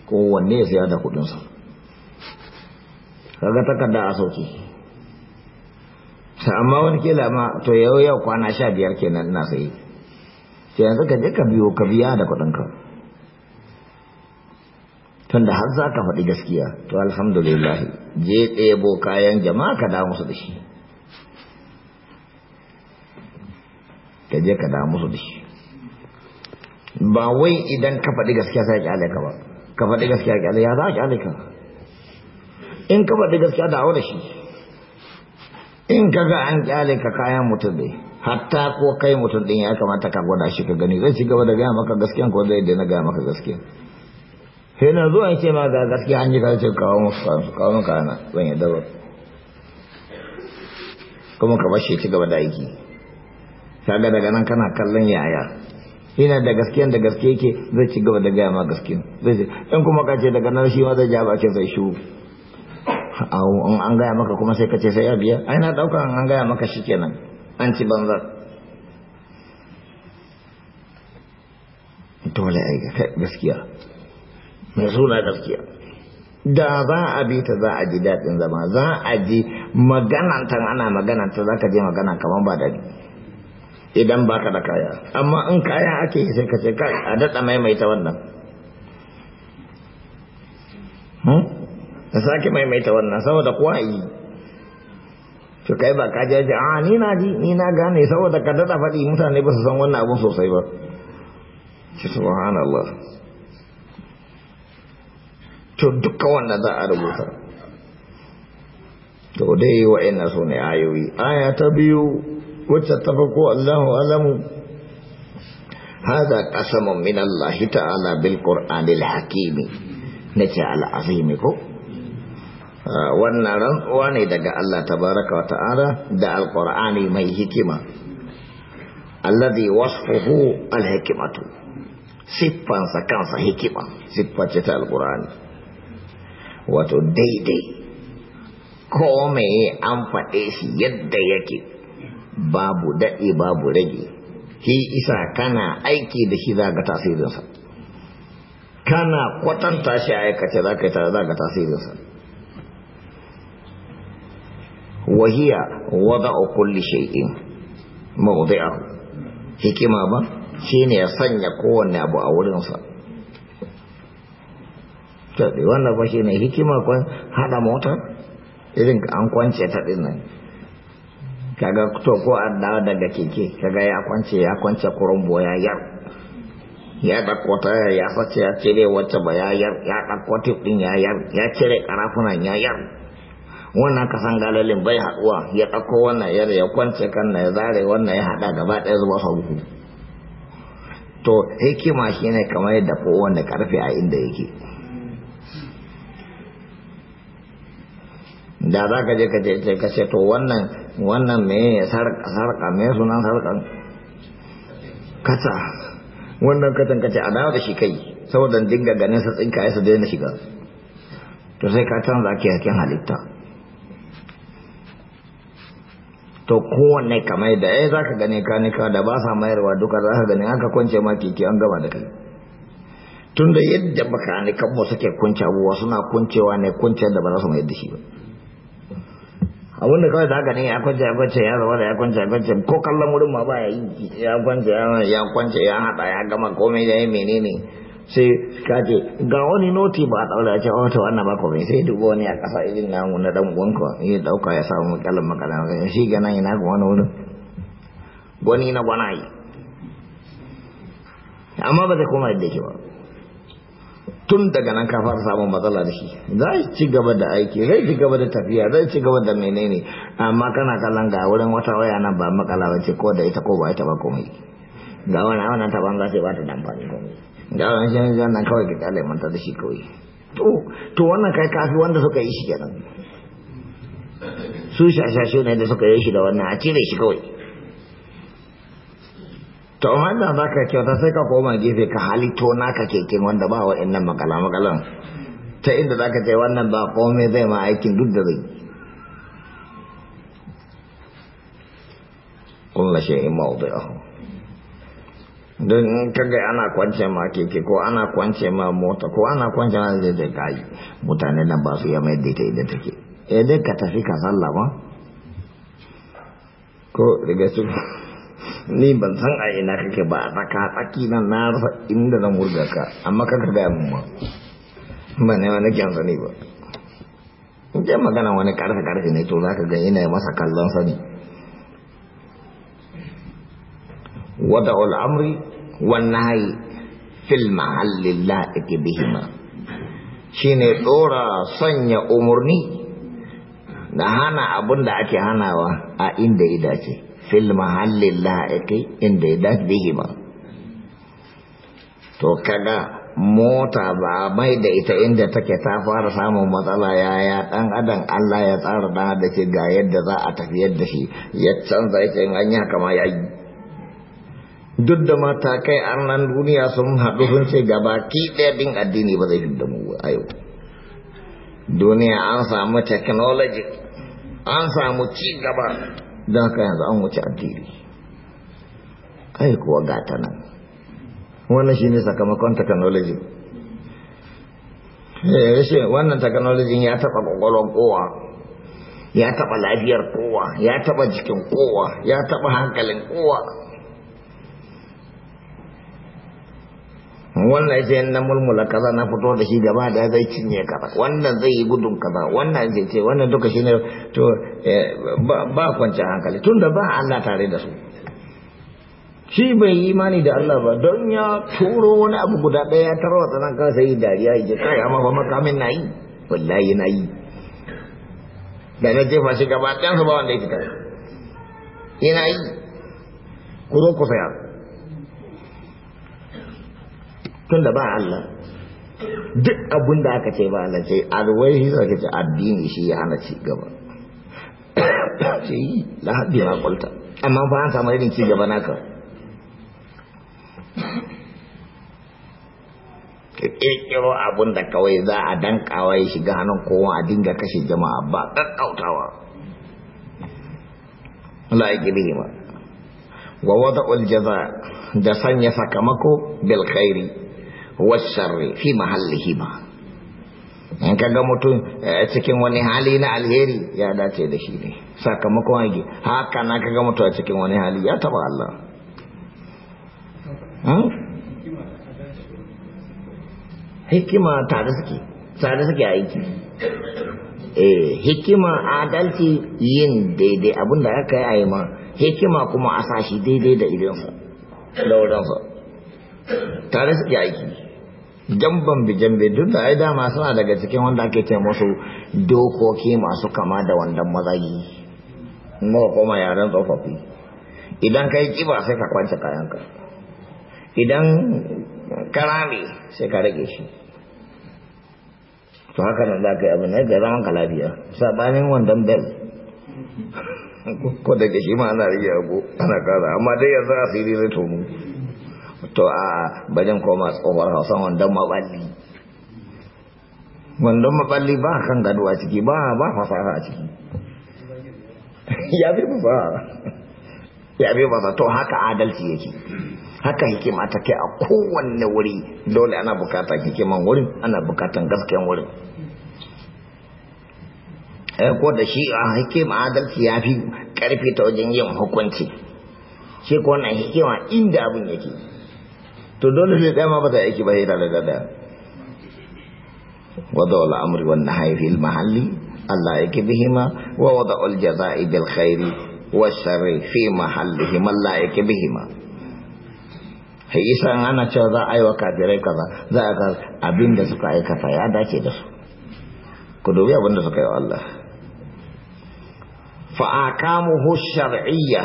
[SPEAKER 2] kowanne ya siya da kudinsa kaga takarda a sauki amma wani kila ma to yau yau kwana sha biyar kenan ina sayi sai yanzu ka je ka biyo ka biya da kuɗinka tunda har za ka faɗi gaskiya to alhamdulillah je ɗebo kayan jama'a ka da musu da shi ka je ka damu su dashi ba wai idan ka faɗi gaskiya sai kyale alaka ba ka faɗi gaskiya alaka ya za a alaka in ka faɗi gaskiya da da shi in ka ga an kyale ka kayan mutum dai hatta ko kai mutum din ya kamata ka gwada shi ka gani zai ci gaba da gaya maka gaskiya ko zai daina gaya maka gaskiya sai na zuwa ce ma ga gaskiya an yi ka ce kawo musu kawo muka ana ban yadda kuma ka bashi ci gaba da aiki kaga daga nan kana kallon yaya ina da gaskiyan da gaske yake zai ci gaba da gaya ma gaske zai ce in kuma ka ce daga nan shi ma zai ja ce sai shu in an gaya maka kuma sai ka ce sai ya biya ai na dauka an gaya maka shi kenan an ci banza dole ai gaskiya mai suna gaskiya da za a bi ta za a ji daɗin zama za a ji magananta ana magananta za ka je magana kamar ba da idan baka da kaya amma in kaya ake yi sai ka ce kai a daɗa ta wannan mai hmm? sake ta wannan saboda kuwa yi to kai ba ka jaji a ah, ni na ji ni na gane saboda ka daɗa faɗi mutane ba su san wannan abin sosai ba ci subhanallah to duka wannan za a rubuta to dai wa'annan su ne ayoyi aya ta biyu واتفقوا الله ألم هذا قسم من الله تعالى بالقرآن الحكيم نجعل عظيمكم wannan rantsuwa ne daga Allah tabaraka wa ta'ala da alqur'ani mai hikima alladhi wasfuhu alhikmatu siffansa kansa hikima sifface ta alqur'ani wato daidai ko an faɗe shi yadda yake babu daɗe babu rage shi isa kana aiki da shi za ga tasirinsa kana kwatanta shi a aikace za ka yi tare za ga tasirinsa wahiya wada a kulli shai'in mawdi'a hikima ba shine ya sanya kowanne abu a wurinsa wannan ba shine hikima kwan hada mota irin an kwance ta dinnan kaga to ko an dawo daga keke kaga ya kwance ya kwance kurumbo ya yar ya da ta ya face ya cire wacce ba ya yar ya din tip ɗin ya yar ya cire ƙarafunan ya yar wannan kasan galalin bai haɗuwa ya ɗauko wannan yar ya kwance kan na ya zare wannan ya haɗa gaba ɗaya zuwa hagu to hikima shine kamar yadda kowanne karfe a inda yake da za ka je ka je ka ce to wannan wannan me sarƙa me sunan sarƙan kata wannan katan kace a dawo da shi kai saboda dinga ganin sa tsinka ya su na shiga to sai ka canza ke hakin halitta to kowanne kamar da eh zaka gane kanika da ba sa mayarwa duka zaka gane aka kwance ma keke an gaba da kai Tunda yadda yadda mu suke kuncewa suna kuncewa ne kuncewa da ba za su mai da shi ba a da kawai za ka ne ya kwance ya kwance ya zama da ya kwance ya kwance ko kallon wurin ma ba ya yi ya kwance ya kwance ya haɗa ya gama komai da ya menene sai ka ce ga wani noti ba a ɗaura ya ce wata oh, wannan ba komai sai dubu wani a ƙasa irin namu na ɗan uwanka ya ɗauka ya samu makalin makalin shi ga ina ga wani wurin gwani na gwanaye amma ba zai koma yadda ke ba tun daga nan ka fara samun matsala da shi za ci gaba da aiki zai ci gaba da tafiya zai ci gaba da menene amma kana kallon ga wurin wata waya nan ba makala ce ko da ita ko ba ita ba komai ga wani wannan ta za su ba ta dan amfani komai ga wani shi nan kawai ki kyale manta da shi kawai to to wannan kai kafi wanda suka yi shi kenan su shashashe ne da suka yi shi da wannan a cire shi kawai to wannan za ka kyauta sai ka koma gefe ka halitto naka keken wanda ba wa innan makala makalan ta inda za ka ce wannan ba komai zai ma aikin duk da zai kuma shi in mawdu'ahu don in kaga ana kwance ma keke ko ana kwance ma mota ko ana kwance ma zai zai kayi mutane nan ba su yamma yadda daita idan take eh, dai ka tafi ka sallama ko daga su ni ban san a ina kake ba a tsaka tsaki na na rasa inda zan wurga ka amma kanka gaya min ma ba ne wani kyan sani ba in magana wani karfe karfe ne to zaka ga ina masa kallon sani wada al'amri wan nahyi fil mahalli ma. bihima shine dora sanya umurni da hana abun da ake hanawa a inda ya dace fil mahallin la'aƙi inda ya dace ba to kaga mota ba mai da ita inda take ta fara samun matsala yaya dan adam Allah ya tsara dan da ke ga yadda za a tafi da shi ya canza yake in an yi haka ma yayi duk da matakai nan duniya sun haɗu sun ce gaba ki ɗaya bin addini ba zai da mu a yau duniya an samu technology an samu ci gaba don ka yanzu an wuce addini ai kuwa gata nan wannan shi ne sakamakon technology yashe eh, wannan technology ya taɓa ƙwaƙwalwar kowa ya taɓa lafiyar kowa ya taɓa jikin kowa ya taɓa hankalin kowa wannan sai na mulmula kaza na fito da shi gaba da zai cinye kaza wannan zai yi gudun kaza wannan zai ce wannan duka shine to eh, ba kwanciyar hankali tun da ba Allah tare da su shi bai yi imani da Allah ba don ya turo wani abu guda ɗaya ya tarwa tsanan kansa yi dariya ya ji kai amma ba makamin na yi wallahi na yi da na jefa shi gaba ɗansa ba wanda ya fita yana yi Kuro zo ku saya tunda ba Allah duk abin da aka ce ba Allah ce alwai shi zaka ce addini shi ya hana ci gaba shi lahabi ma kulta amma ba an samu irin ci gaba naka kirkiro abin da kawai za a dankawa ya shiga hannun kowa a dinga kashe jama'a ba ƙaƙƙautawa la ma. wa wada'ul jaza da sanya sakamako bil khairi washarri fi mahallihi hima. in kaga mutum eh, cikin wani hali na alheri ya dace da shi ne sakamakon hagi haka na kaga mutum a cikin wani hali ya taba Allah hmm? hikima tare suke tare suke aiki eh, hikima adalci yin daidai abinda aka yi a yi ma hikima kuma a daidai da idansa da wadansa tare suke aiki jamban bi jambe duk da ai dama suna daga cikin wanda ake ce musu dokoki masu kama da wandan mazayi mu kuma yaran tsofaffi idan kai kiba sai ka kwance kayanka idan karame sai ka rage shi to haka nan zaka yi abu na ga zaman kalabiya sabanin wandan bel ko da ke shi ma ana rage ana kara amma dai yanzu asiri zai tono. to a bajan koma tsohuwar hausa wandon maballi wandon maballi ba kan gado a ciki ba ba fasaha a ciki ya fi fasaha ya fi fasaha to haka adalci yake haka hikima ta kai a kowanne wuri dole ana bukatan hikiman wurin ana bukatan gaskiyan wurin eh, ko da shi a hikima adalci ya fi karfi ta wajen yin hukunci shi ko wannan hikima inda abin yake to dole ne ɗaya ma ba ta aiki ba yana da mahalli Allah yake bihima wa wada al jazaa'i bil khairi was fi mahallihi man la yake bihima isa ana cewa za a yi wa kafirai kaza za a ga abin da suka aikata ya dace da su ku dubi abin da suka yi wa Allah shar'iyya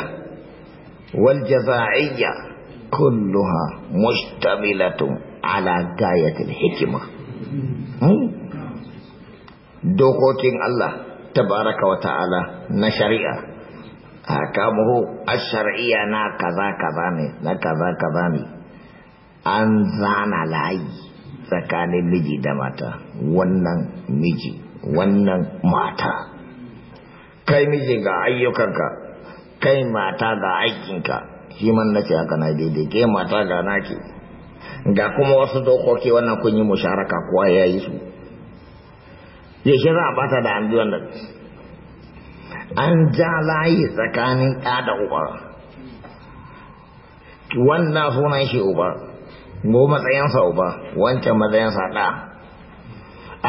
[SPEAKER 2] wal jaza'iyya كلها مشتملة على غاية الحكمة dokokin Allah Ta baraka wa ta'ala na shari'a hakamuhu ash-shar'iyya na kaza kaza ne na kaza kaza ne an zana layi tsakanin miji da mata wannan miji wannan mata kai miji ga ayyukanka kai mata ga aikinka kiman na ce haka na daidai ke mata ga naki ga kuma wasu dokoki wannan kun yi musharaka kowa ya yi su yaushe za a bata da an bi nan an ja layi tsakanin ɗa da uba wannan sunan shi uba ko matsayinsa uba wancan matsayinsa ɗa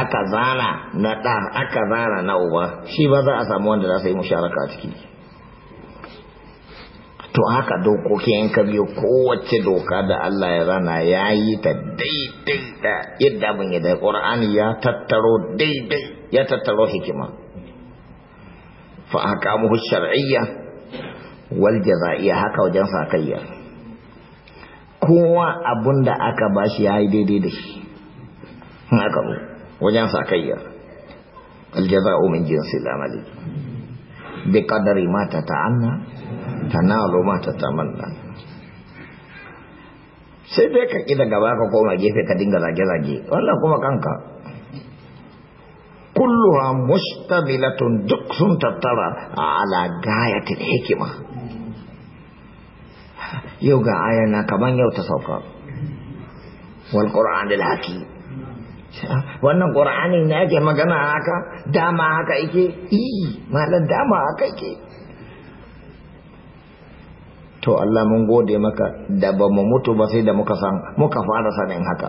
[SPEAKER 2] aka zana na ɗa aka zana na uba shi ba za a samu wanda za su yi musharaka ciki to haka dokokin in ka biyo kowace doka da Allah ya rana ya yi ta daidai da yadda mun yi da ƙur'ani ya tattaro daidai ya tattaro hikima fa aqamu shar'iyya wal jaza'iyya haka wajen sakayya kowa abun da aka bashi ya yi daidai da shi haka wajen sakayya al jaza'u min al amali bi qadari ma ta'anna tanalu ma tatamanna sai dai ka ƙi daga baka koma gefe ka dinga zage-zage wannan kuma kanka kulluha mustamilatun duk sun tattara ala gayatin hikima yau ga na kaman yau ta sauka wal da laki wannan ƙura'anin ne yake magana haka dama haka ike i malar dama haka yake to Allah mun gode maka da ba mu mutu ba sai da muka san muka fara sanin haka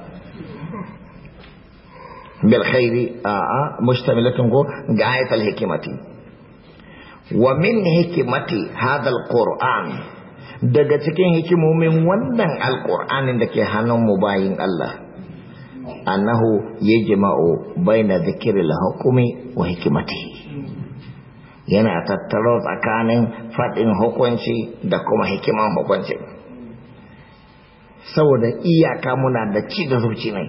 [SPEAKER 2] bil khairi a'a mustamilatun go gayat al hikmati wa min hikmati hadha al qur'an daga cikin hikimomin wannan alqur'anin da ke hannun mu bayin Allah annahu yajma'u baina dhikril hukmi wa hikimati. yana tattaro tsakanin faɗin hukunci da kuma hikiman hukunci saboda iyaka muna da ci da zuci ne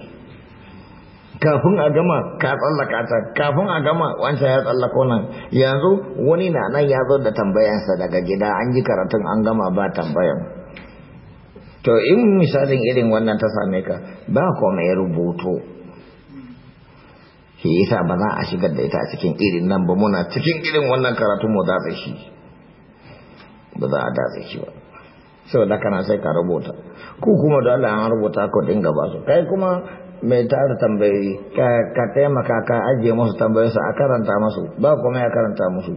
[SPEAKER 2] kafin a gama ka tsallaka ta kafin a gama wancan ya tsallaka nan yanzu wani na nan ya zo da tambayansa daga gida an ji karatun an gama ba tambayan to in misalin irin wannan ta same ka ba kuma ya rubuto ke yasa ba za a shigar da ita a cikin irin nan ba muna cikin irin wannan karatu mu da shi ba za a datse shi ba da kana sai ka rubuta ku kuma da Allah an rubuta ku dinga ba su kai kuma mai tara tambayi ka taimaka ka ajiye musu su a karanta musu ba kuma ya karanta musu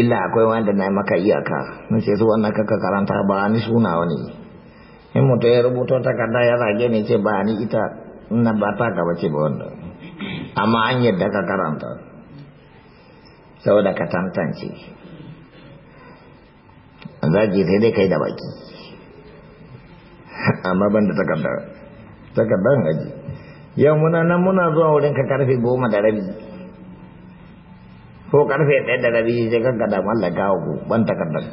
[SPEAKER 2] illa akwai wanda na maka iyaka na ce su wannan kaka karanta ba ni suna wani in mutum ya rubuta takarda ya rage ne ce ba ni ita na ba ta gaba ce ba wannan amma an yadda ka karanta saboda ka tantance zagi sai dai kai da baki amma ban da takardar takardar aji yau muna nan muna zuwa wurin ka karfe goma da rabi ko karfe ɗaya da rabi sai ka gada mallaka ku ban takardar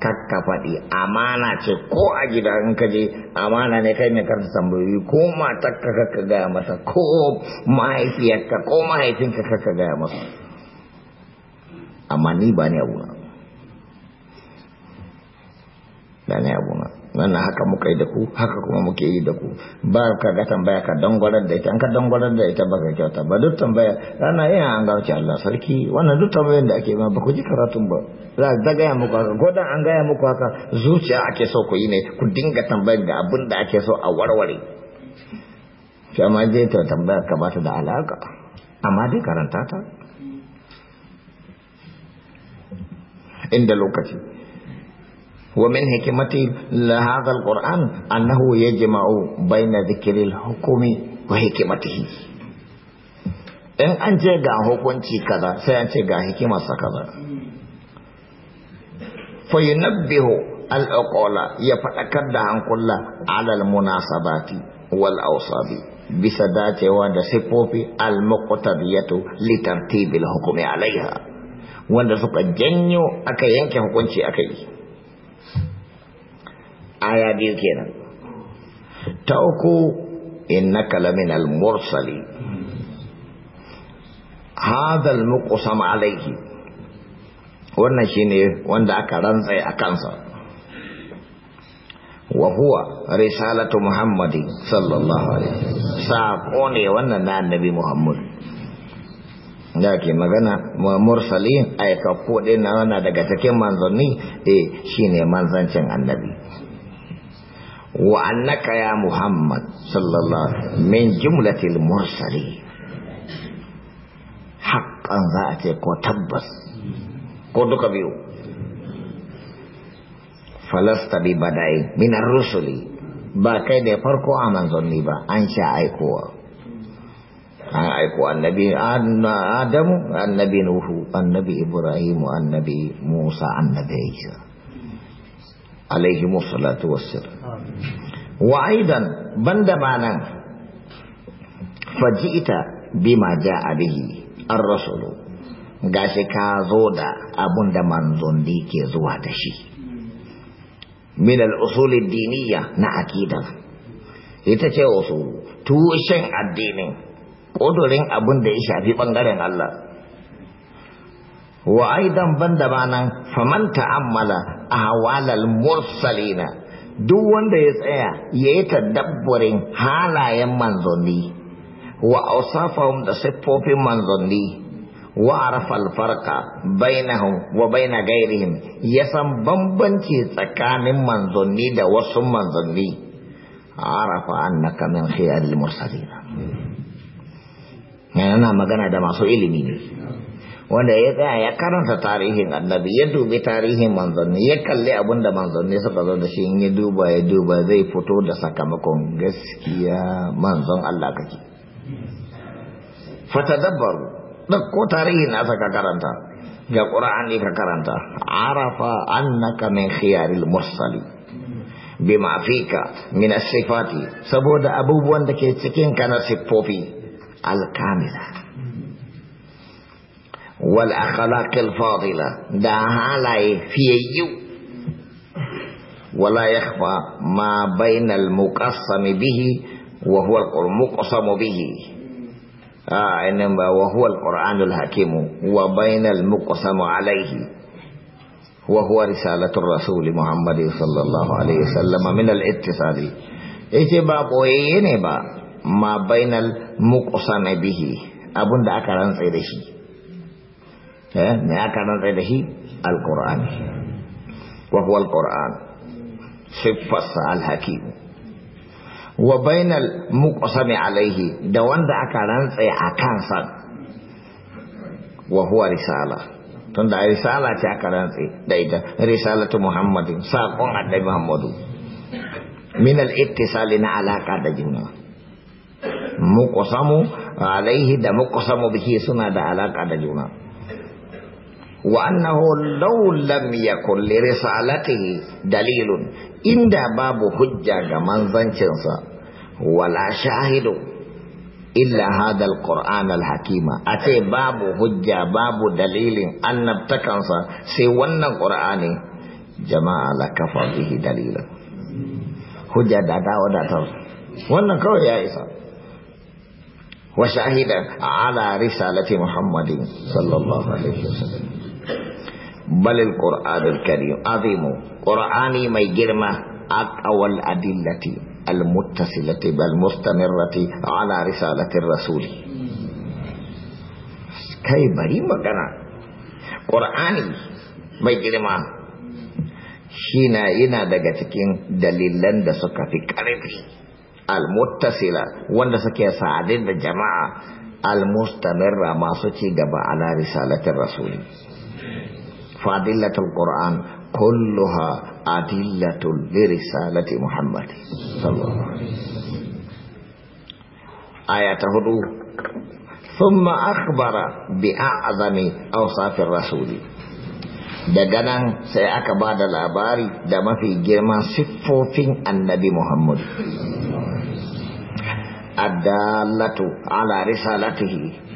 [SPEAKER 2] kakka faɗi amana ce ko a gida in ka je amana ne kai ne karta tambayoyi ko matakka kakka gaya masa ko mahaifiyarka ko mahaifinka kakka gaya masa amma ni ba ne abuna ba ne abuna wanda haka muka yi da ku haka kuma muke yi da ku ba ka ga tambaya ka dangwarar da ita an ka dangwarar da ita ba ka kyauta ba duk tambaya rana iya an gauce Allah sarki wannan duk tambayoyin da ake ma ba ku ji karatun ba za daga ya muku haka godan an gaya muku haka zuciya ake so ku yi ne ku dinga tambayar da abin da ake so a warware shi amma je ta tambaya ka ba ta da alaka amma dai karanta ta inda lokaci Wa min ومن حكمة هذا القرآن أنه يجمع بين ذكر الحكم وحكمته in an ce ga hukunci kaza sai an ce ga hikimarsa kaza fayinabbihu al'aqola ya faɗakar da hankula alal munasabati wal ausabi bisa dacewa da siffofi al-muqtadiyatu li tartibil hukumi alaiha wanda suka janyo aka yanke hukunci aka yi aya biyu kenan ta uku inna kalamin al-mursali hadha al-muqsam alayhi wannan shine wanda aka rantsa a kansa wa huwa risalatu muhammadin sallallahu alaihi sako ne wannan na annabi muhammad da ke magana mursali aika ko na wana daga cikin manzanni eh shine manzancin annabi وأنك يا محمد صلى الله عليه وسلم من جملة المرسلين حقا ذاتك وتبس قدك بيو فلست ببدعي من الرسل باكي دي فرقو آمن ظني با أنشا أيكوا an aiko annabi adamu annabi nuhu annabi ibrahimu annabi musa annabi isa alaihi salatu wassalam wa aidan banda banan faji'ita bima ja'a bihi ar rasul gashi ka zo da abun da manzon da ke zuwa da shi min al-usul ad-diniyya na aqida ita ce usul tushen addinin ƙudurin abunda da ya shafi bangaren Allah wa aidan banda ba nan faman ta'ammala mursalina duk wanda ya tsaya ya yi tadabburin halayen manzanni wa ausafahum da siffofin manzanni wa arafal farqa bainahum wa baina gairihim ya san bambanci tsakanin manzanni da wasu manzanni arafa annaka min khiyaril mursalina yana magana da masu ilimi ne wanda ya tsaya ya karanta tarihin annabi ya dubi tarihin manzanni ya kalli abin da manzanni suka zo da shi in ya duba ya duba zai fito da sakamakon gaskiya manzon Allah kake fatadabbaru ko tarihin na saka karanta ga ƙura'ani ka karanta arafa annaka min khiyaril mursali bima fika min sifati saboda abubuwan da ke cikin ka na siffofi alkamila wal akhlaqil fadila da halaye fiyayyu wala yakhfa ma bainal muqassam bihi wa huwa al-muqassam bihi a ainihin ba wa huwa al wa وهو رسالة الرسول محمد صلى الله عليه وسلم من الاتصال ايتي با ما بين المقسم به abun da aka rantse da shi ya eh, aka redahi da quran wahu Al-Quran alkur'an al-Hakim, wa bainal muqsami alaihi da wanda aka rantsa a kansa wa huwa risala tunda risala ce aka rantsa da ita risalatu muhammadin saƙon annabi muhammadu min al-ittisali na alaka da juna muqsamu alaihi da muqsamu bihi suna da alaka da juna وأنه لو لم يكن لرسالته دليل إن باب حجة من ظنشنسا ولا شاهد إلا هذا القرآن الحكيم أتي باب حجة باب دليل أن ابتكنسا سيوانا قرآن جماعة لك به دليلا حجة دادا وداتا وانا كوي يا إيسا وشاهد على رسالة محمد صلى الله عليه وسلم balil ƙur'anul karim azimu ƙur'ani mai girma aqwal adillati almuttasilati bal mustamirrati ala risalatir rasuli kai bari magana ƙur'ani mai girma shi na yana daga cikin dalilan da suka fi ƙarfi almuttasila wanda suke sadin da jama'a almustamirra masu ci gaba ala risalatin rasuli فأدلة القرآن كلها أدلة لرسالة محمد صلى الله عليه وسلم آية هدو ثم أخبر بأعظم أوصاف الرسول daga nan sai aka ba da labari da mafi girman siffofin annabi Muhammad. Addalatu ala risalatihi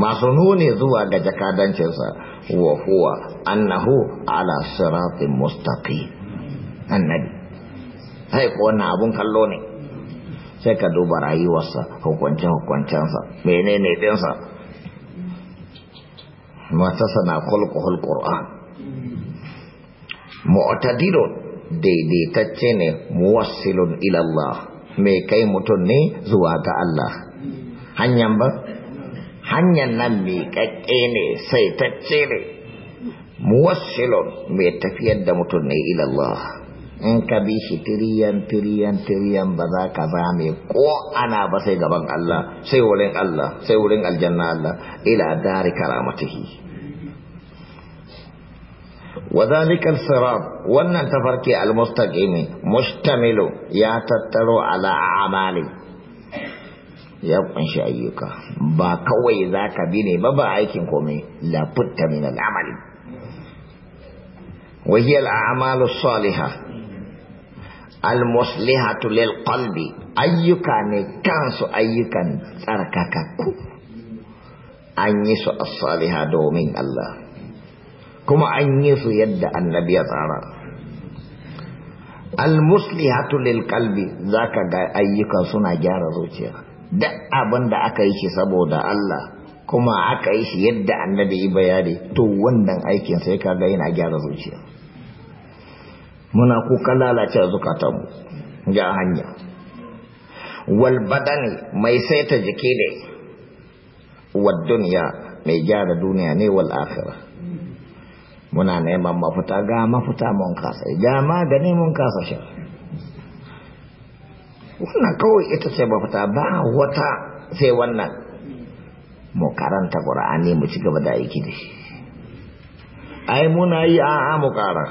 [SPEAKER 2] maso nuni zuwa ga jakadancinsa wa huwa annahu ala siratin mustaqim annabi hai ko wannan abun kallo ne sai ka duba rayuwarsa hukuncin hukuncensa mene ne ɗinsa matasa na kulkuhul qur'an mu'tadilu daidaitacce ne muwassilun ila allah mai kai mutum ne zuwa ga allah hanyan ba hanyar nan miƙaƙƙe ne sai ta ne muwassilun mai tafiyar da mutum ne ilallah in ka bi shi tiriyan tiriyan tiriyan ba za ka zame ko ana ba sai gaban Allah sai wurin Allah sai wurin aljanna Allah ila dari karamatihi wa zalika sirat wannan tafarki al-mustaqim mustamilu ya tattaro ala a'mali ya kunshi ayyuka ba kawai za ka bi ne ba ba aikin komai la putta min al'amali wa hiya al'amalu salihah al-muslihatu lil qalbi ayyuka ne kansu ayyukan tsarkaka ku an yi su as-saliha domin Allah kuma an yi su yadda annabi ya tsara al-muslihatu lil qalbi zaka ga ayyukan suna gyara zuciya duk abin da aka yi shi saboda Allah kuma aka yi shi yadda annabi yi bayani to wannan aikin sai ga yana gyara zuciya muna kuka lalace zukatanmu ga hanya wal badani mai saita jiki ne wal duniya mai gyara duniya ne wal akhirah muna neman mafuta ga mafuta mun kasa ga magani mun kasa shi wannan kawai ita ce mafita ba wata sai wannan mu karanta qur'ani mu ci gaba da aiki da shi ai muna yi a'a mu ƙara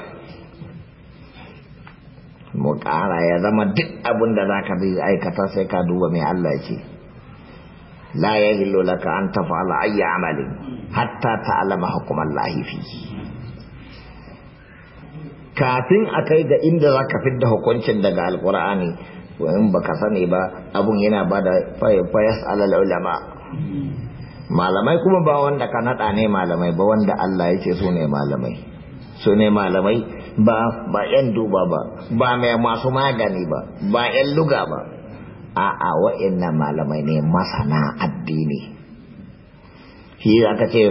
[SPEAKER 2] mu ƙara ya zama duk abin da za ka bi aikata sai ka duba mai Allah ce la ya laka an tafa'ala ayya amalin hatta ta alama hukumar lahifi kafin a kai ga inda za ka fidda hukuncin daga alkur'ani in ka sani ba abun yana ba da fayas alal ulama malamai kuma ba wanda ka nada ne malamai ba wanda Allah ya ce su ne malamai su ne malamai ba ba yan duba ba ba mai masu magani ba ba yan luga ba a'a wa'annan malamai ne masana addini shi aka ce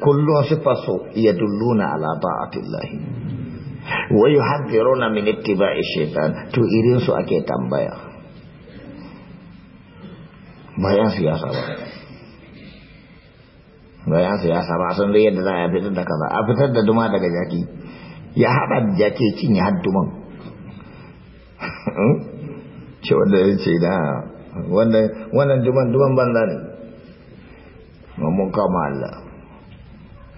[SPEAKER 2] kullum sifasu ya dulluna ala ta'atillahi wa yuhadhiruna min ittiba'i syaitan tu irin su ake tambaya bayan siyasa ba bayan siyasa ba san dai yadda za a fitar da kaza a fitar da duma daga jaki ya haɗa jaki cin ya hadduman ce wanda ya ce da wannan duman duman banza ne mun kama Allah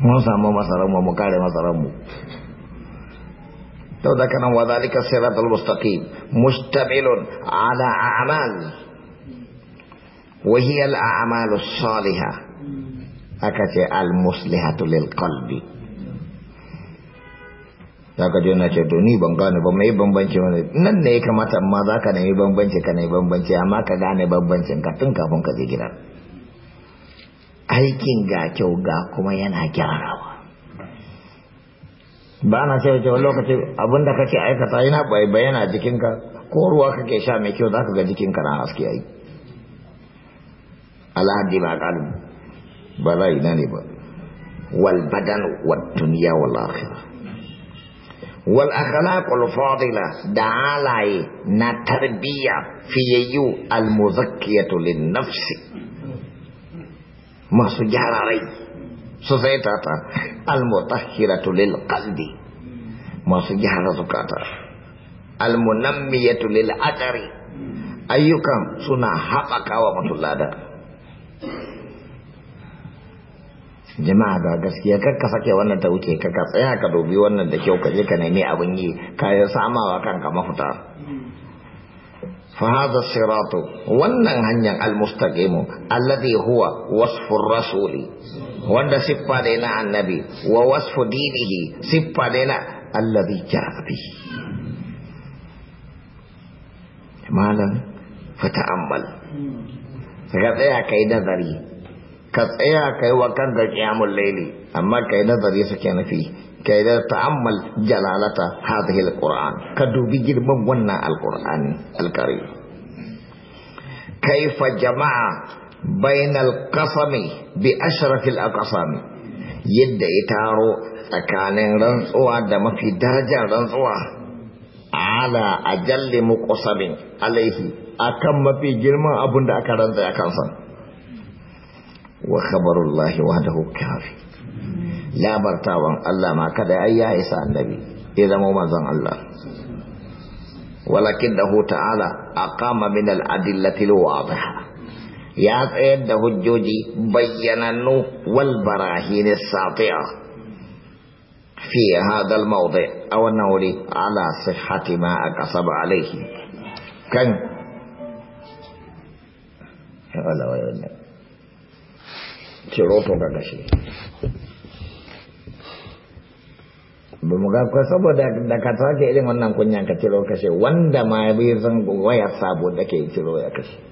[SPEAKER 2] mun samu masaranmu mu kare mu لو ذكر وذلك الصراط المستقيم مشتمل على أعمال وهي الأعمال الصالحة أكثر المصلحة للقلب zaka je na ce to ni ban gane ba mai bambanci wani nan ne ya kamata amma za ka nemi bambanci ka nemi bambanci amma ka gane bambancin ka tun kafin ka je gida aikin ga kyau ga kuma yana gyarawa ba na sai wace lokaci abin da kake aikata yana bai bayyana jikinka ko ruwa kake sha mai kyau zaka ga jikinka na haske ai alhaji ba kalu ba za ina ne ba wal badan wal dunya wal akhirah wal akhlaqul fadila da halaye na tarbiyya fiyayyu al muzakkiyatu lin nafsi masu gyara rai su tata, ta almutahhiratu lil qalbi masu gyara zukata almunammiyatu lil ajri ayyukan suna haɓaka wa mutum lada jama'a ga gaskiya kakka sake wannan ta wuce ka ka tsaya ka dubi wannan da kyau ka je ka nemi abin yi kayan samawa kanka mafuta fa hadha siratu wannan hanyar almustaqimu alladhi huwa wasfur rasuli wanda siffa ne na annabi wa wasfu dinihi siffa ne na allazi ja'a malam fa ta'ammal ka tsaya kai nazari ka tsaya kai wa kan da qiyamul layli amma kai nazari suke nafi kai da ta'ammal jalalata hadhihi alquran ka dubi girman wannan alquran alkarim kaifa jama'a bainal qasami bi ashrafil aqsami yadda ya taro tsakanin rantsuwa da mafi darajar rantsuwa ala ajalli muqsamin alaihi akan mafi girman abun da aka rantsa akan sa wa khabarullahi wahdahu kafi labartawan Allah ma kada ai ya isa annabi ya zama manzon Allah walakin da ta'ala aqama min al-adillati al-wadiha ya tsayar da hujjoji bayyanannu wal barahin safiya. fi hadha al mawdi a wannan wuri ala sihhati ma aqasaba alaihi kan wala wala ciro to daga shi ba mu ga saboda da ka sake irin wannan kunyan ka ciro kashe wanda ma bai zan wayar sabo da ke ciro ya kashe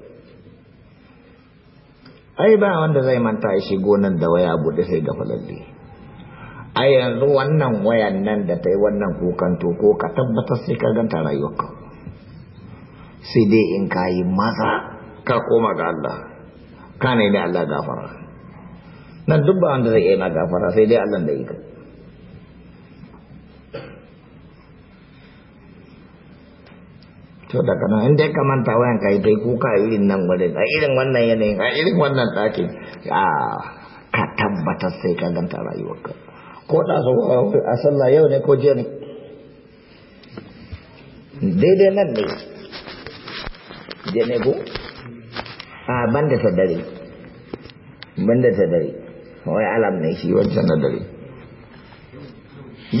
[SPEAKER 2] ai ba wanda zai manta shi gonan da waya bude sai ga falalle a yanzu wannan wayan nan da ta yi wannan kokanto ko ka tabbatar sai ka ganta rayuwarka sai dai in ka yi maza ka koma ga Allah ka ne ne Allah gafara nan duk ba wanda zai yi na gafara sai dai Allah da yi ka to daga nan inda ka manta wayan kai kai kuka irin nan wurin a irin wannan yanayin a irin wannan take a ka tabbatar sai ka ganta rayuwarka ko da so eh, a sallah yau ne ko jiya ne daidai nan ne jiya ko a banda ta dare banda ta dare wai alam ne shi wancan na dare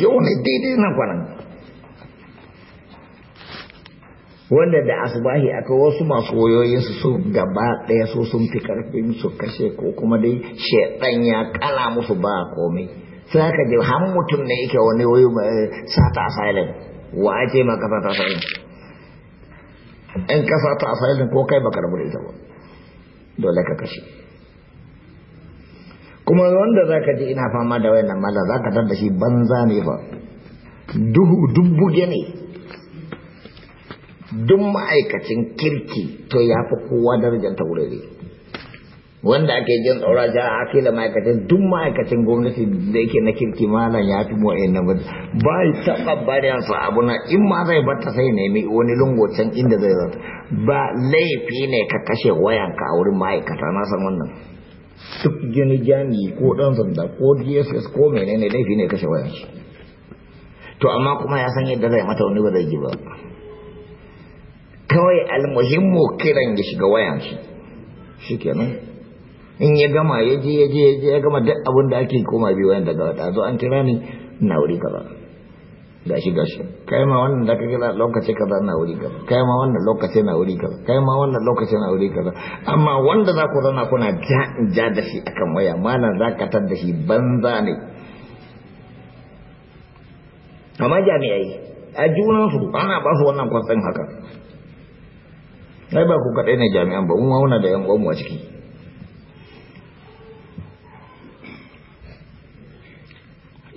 [SPEAKER 2] yau ne daidai nan kwanan wanda da asbahi aka wasu masu wayoyinsu su gaba ɗaya su sun fi karfin su kashe ko kuma dai shaidan ya kala musu ba komai sai aka ji har mutum ne yake wani wayo eh, sata asailin wa ake maka ta asylum in ka sata asailin ko kai baka rabu da ita ba dole ka kashe kuma wanda zaka ji ina fama da wayannan mala zaka tabbashi shi banza ne ba duhu dubbuge ne duk ma'aikacin kirki to ya fi kowa darajar ta wurare wanda ake jin tsaura ja a da ma'aikacin duk ma'aikacin gwamnati da yake na kirki malam ya fi mu'ayin na ba ba yi taɓa barinsa abu na in ma zai bata sai nemi wani lungocin inda zai zata ba laifi ne ka kashe wayanka a wurin ma'aikata na san wannan duk gani jami'i ko ɗan sanda ko dss ko menene laifi ne kashe wayanki? to amma kuma ya san yadda zai mata wani ba zai ji ba kawai almuhimmu kiran ya shiga wayan shi shi kenan in ya gama ya je ya je ya je ya gama duk abin da ake koma bi wayan daga wata zo an kira ni na wuri kaza gashi gashi kai ma wannan da kake kira lokaci kaza na wuri kaza kai ma wannan lokaci na wuri kaza kai ma wannan lokaci na wuri kaza amma wanda za ku zana kuna ja in ja da shi akan waya malam za ka tar da shi banza ne amma jami'ai a su ana ba su wannan kwatsan haka ai ba ku kaɗai ne jami'an ba kuma muna da yan uwanmu a ciki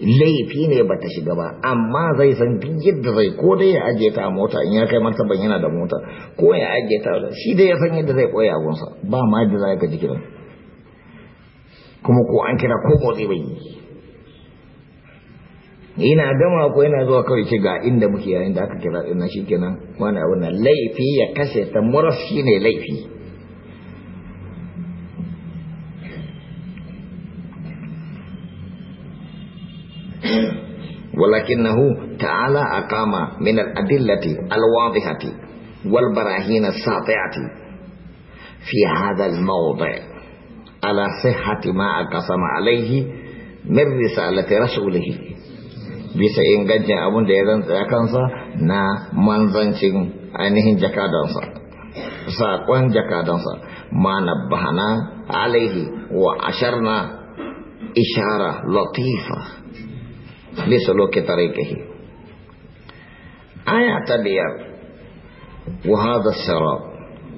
[SPEAKER 2] laifi ne ba ta shiga ba amma zai san duk yadda zai ko dai ya ajiye ta a mota in ya kai martaban yana da mota ko ya ajiye ta shi dai ya san yadda zai koya abunsa ba ma yadda za ka ji kiran kuma ko an kira ko motsi bai yi ina gama ko yana zuwa kawai ce ga inda muke yayin da aka kira ina shikenan wani abu na laifi ya kashe ta muras shine laifi ولكنه تعالى أقام من الأدلة الواضحة والبراهين الساطعة في هذا الموضع على صحة ما أقسم عليه من رسالة رسوله bisa ingancin abin da ya zanta kansa na manzancin ainihin jakadansa saƙon jakadansa ma na bahana alaihi wa na ishara latifa bisa loke tarikihi aya ta biyar wa hada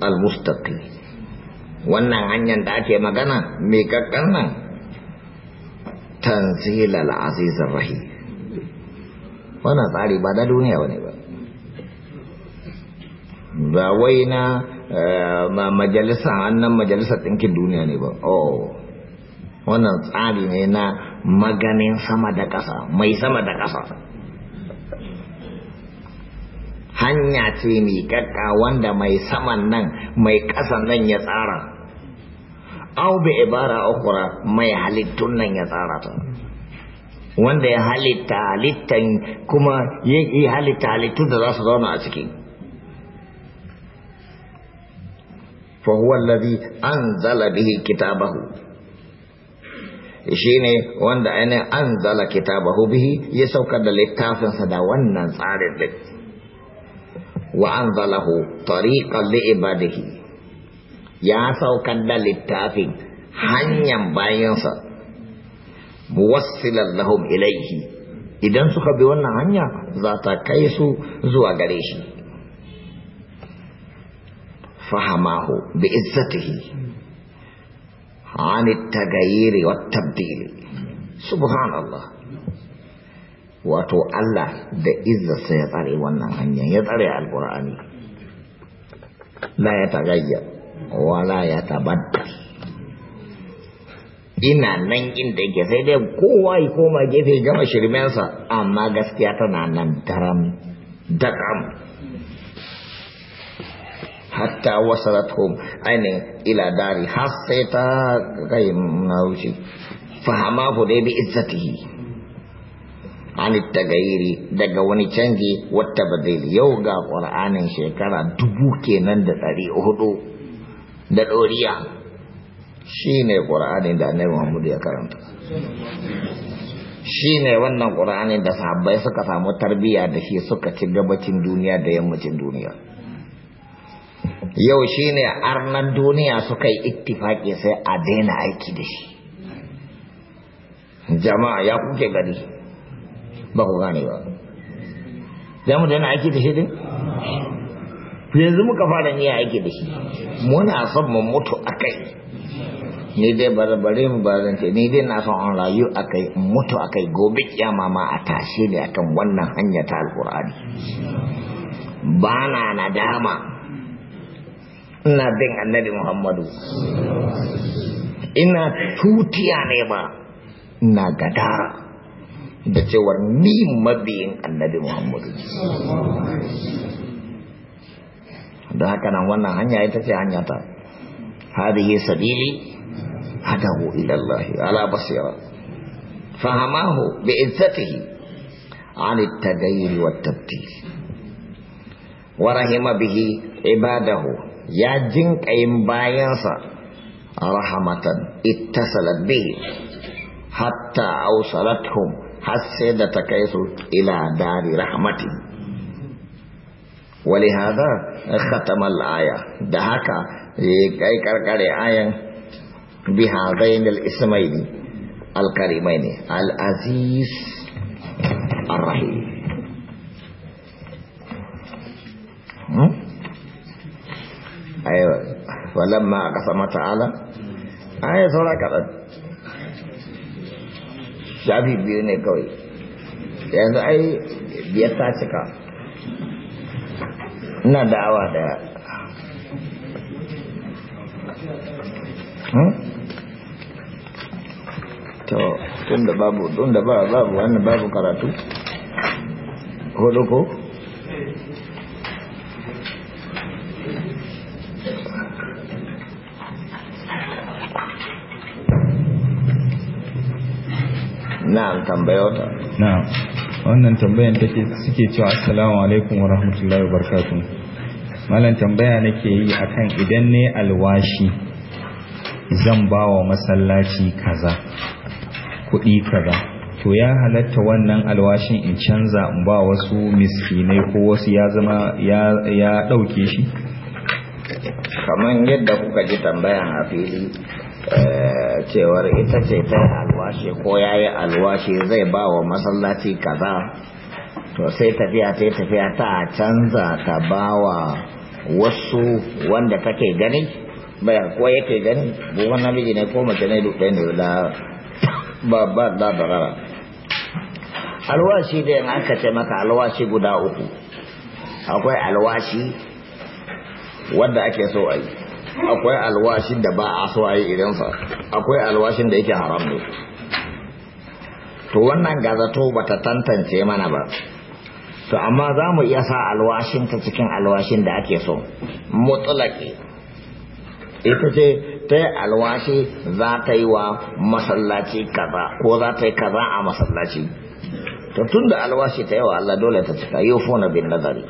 [SPEAKER 2] al-mustaqi wannan hanyar da ake magana mai kakkan nan tanzilal azizar rahim wannan tsari ba na duniya ba ba ba wai na eh, majalisa annan majalisa ɗinkin duniya ne ba oh wannan tsari ne na maganin sama da ƙasa mai sama da ƙasa hanya ce mai kakka wanda mai saman nan mai ƙasa nan ya tsara au ibara ukura mai halittun nan ya tsara ta wanda ya halitta halittan kuma ya yi halitta halittu da za su zauna a ciki fahuwar lafi an zala bihi kitabahu shi ne wanda ainihin an zala kitabahu bihi ya saukar da littafinsa da wannan tsarin da wa an zalahu tariƙar li'ibadihi ya saukar da littafin hanyar bayansa muwassilan lahum ilaihi idan suka bi wannan hanya za ta kai su zuwa gare shi fahamahu bi izzatihi an tagayyiri wa tabdili subhanallah wato Allah da izzarsa ya tsare wannan hanya ya tsare alkur'ani la ya tagayya wala ya tabaddal ina nan inda yake sai dai kowa ya koma gefe gama shirmensa amma gaskiya tana nan daram daram hatta wasalathum ainihin ila dari har sai ta kai mawuce dai bi izzatihi an tagayiri daga wani canji wata badil yau ga ƙur'anin shekara dubu kenan da ɗari hudu da ɗoriya shi ne ƙura'anin da annabi muhammadu ya karanta shi ne wannan ƙura'anin da sahabbai suka samu tarbiyya da shi suka ci gabacin duniya da yammacin duniya yau shi ne arnan duniya suka yi ittifaƙi sai a daina aiki da shi jama'a ya kuke gari ba ku gane ba za mu daina aiki da shi din yanzu muka fara niyya aiki da shi muna son mu mutu a kai ni dai barbare mu ce, ni dai na son an rayu akai mutu akai gobe kiyama ma a tashe ne akan wannan hanya ta alqur'ani ba na nadama ina bin annabi muhammadu ina tutiya ne ba ina gadara da cewar ni mabiyin annabi muhammadu don haka nan wannan hanya ita ce hanya ta هذه سبيلي هداه إلى الله على بصيرة فهماه بإذته عن التغير والتبتيل ورحم به عباده يا جنك بايانسا رحمة اتصلت به حتى أوصلتهم حسيدة كيس إلى دار رحمة ولهذا ختم الآية دهك يكركر آية biha zai da al’ismai al’arimai ne biyu ne kawai yanzu ai biyar ta cika ina da'awa da to tunda babu tunda ba babu wannan babu karatu hodo ko na'am tambayota na'am
[SPEAKER 1] wannan tambayan take suke cewa assalamu alaikum wa rahmatullahi wa barakatuh malam tambaya nake yi akan idan ne alwashi zan ba
[SPEAKER 2] wa masallaci kaza kuɗi kaza to ya halatta wannan alwashin in canza in ba wasu miskinai ko wasu ya zama ya ɗauke shi kamar yadda kuka ji tambaya a fili eh, cewar ita ce ta alwashi ko ya yi alwashi zai ba wa masallaci kaza to sai tafiya sai tafiya ta canza ta ba wa wasu wanda kake gani bayan ko yake gani buwan namiji ne ko mace ne duk ɗaya ne ba ba da barara alwashi da yan aka ce maka alwashi guda uku akwai alwashi wanda ake so a yi akwai alwashi da ba a so a yi irinsa akwai alwashin da yake haram ne to wannan gazato ba ta tantance mana ba to amma za mu iya sa alwashin ta cikin alwashin da ake so mutsulaki ita ce ta yi alwashi za ta yi wa masallaci kaza ko za ta yi kaza a masallaci to tun da alwashi ta yawa Allah dole ta cika yi. fona bin nazari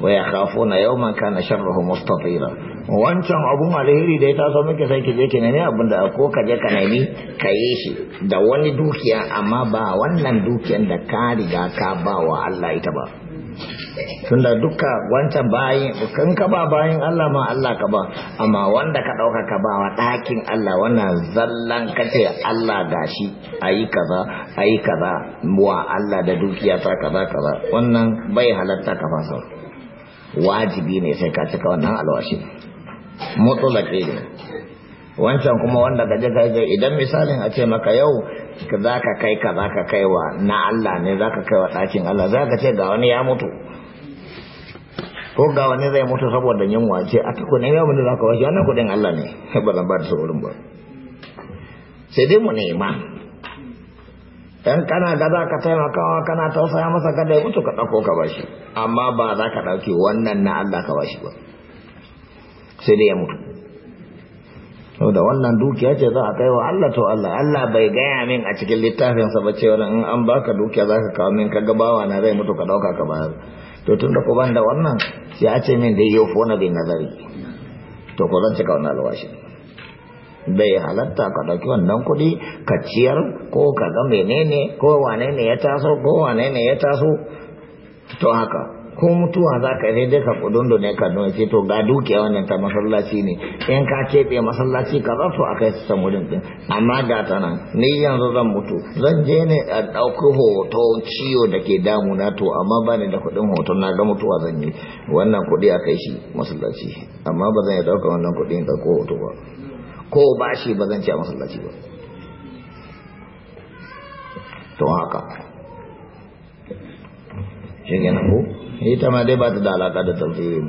[SPEAKER 2] wa ya kafo na yau man kana sharruhu mustatira wancan abun alheri da ya taso miki sai ki je ki nemi abin da ko ka je ka nemi ka yi shi da wani dukiya amma ba wannan dukiyan da ka riga ka ba wa Allah ita ba tunda duka wancan bayan kan ka ba bayan Allah ma Allah ka ba amma wanda ka dauka ka ba wa ɗakin Allah wannan zallan kace Allah gashi ayi kaza ayi kaza wa Allah da dukiya ta kaza kaza wannan bai halatta ka fasa wajibi ne sai ka cika wannan alwashi mutulaki ne wancan kuma wanda gaje gaje idan misalin a ce maka yau za ka kai ka za ka kai na Allah ne za ka kai wa ɗakin Allah za ka ce ga wani ya mutu ko ga wani zai mutu saboda yunwa ce a ta ku nemi abin da za ka bashi wannan kuɗin Allah ne ba zan ba da saurin ba sai dai mu nema dan kana ga za ka taimakawa kana tausaya masa gada ya mutu ka ɗauko ka shi amma ba za ka ɗauki wannan na Allah ka shi ba sai dai ya mutu da wannan dukiya ce za a kai wa Allah to Allah Allah bai gaya min a cikin littafinsa ba cewa in an baka dukiya za ka kawo min ka gabawa na zai mutu ka ɗauka ka bayar to tun da ku da wannan sai a ce min da yi na bin nazari to ko zan cika wannan alwashi bai halatta ka ɗauki wannan kuɗi ka ciyar ko ka ga menene ko wane ne ya taso ko wane ne ya taso to haka ko mutuwa za ka dai ka kudundu ne ka nuna ce to ga dukiya wannan ta masallaci ne in ka keɓe masallaci ka za su a kai su samu wurin ɗin amma ga ta nan ni yanzu zan mutu zan je ne a ɗauki hoto ciwo da ke damuna to amma ba ni da kuɗin hoton na ga mutuwa zan yi wannan kuɗi a kai shi masallaci amma ba zan iya ɗauka wannan kuɗi in ɗauko hoto ba ko ba shi ba zan ci a masallaci ba to haka shi ko ita ma dai ba ta da alaƙa da tafsirin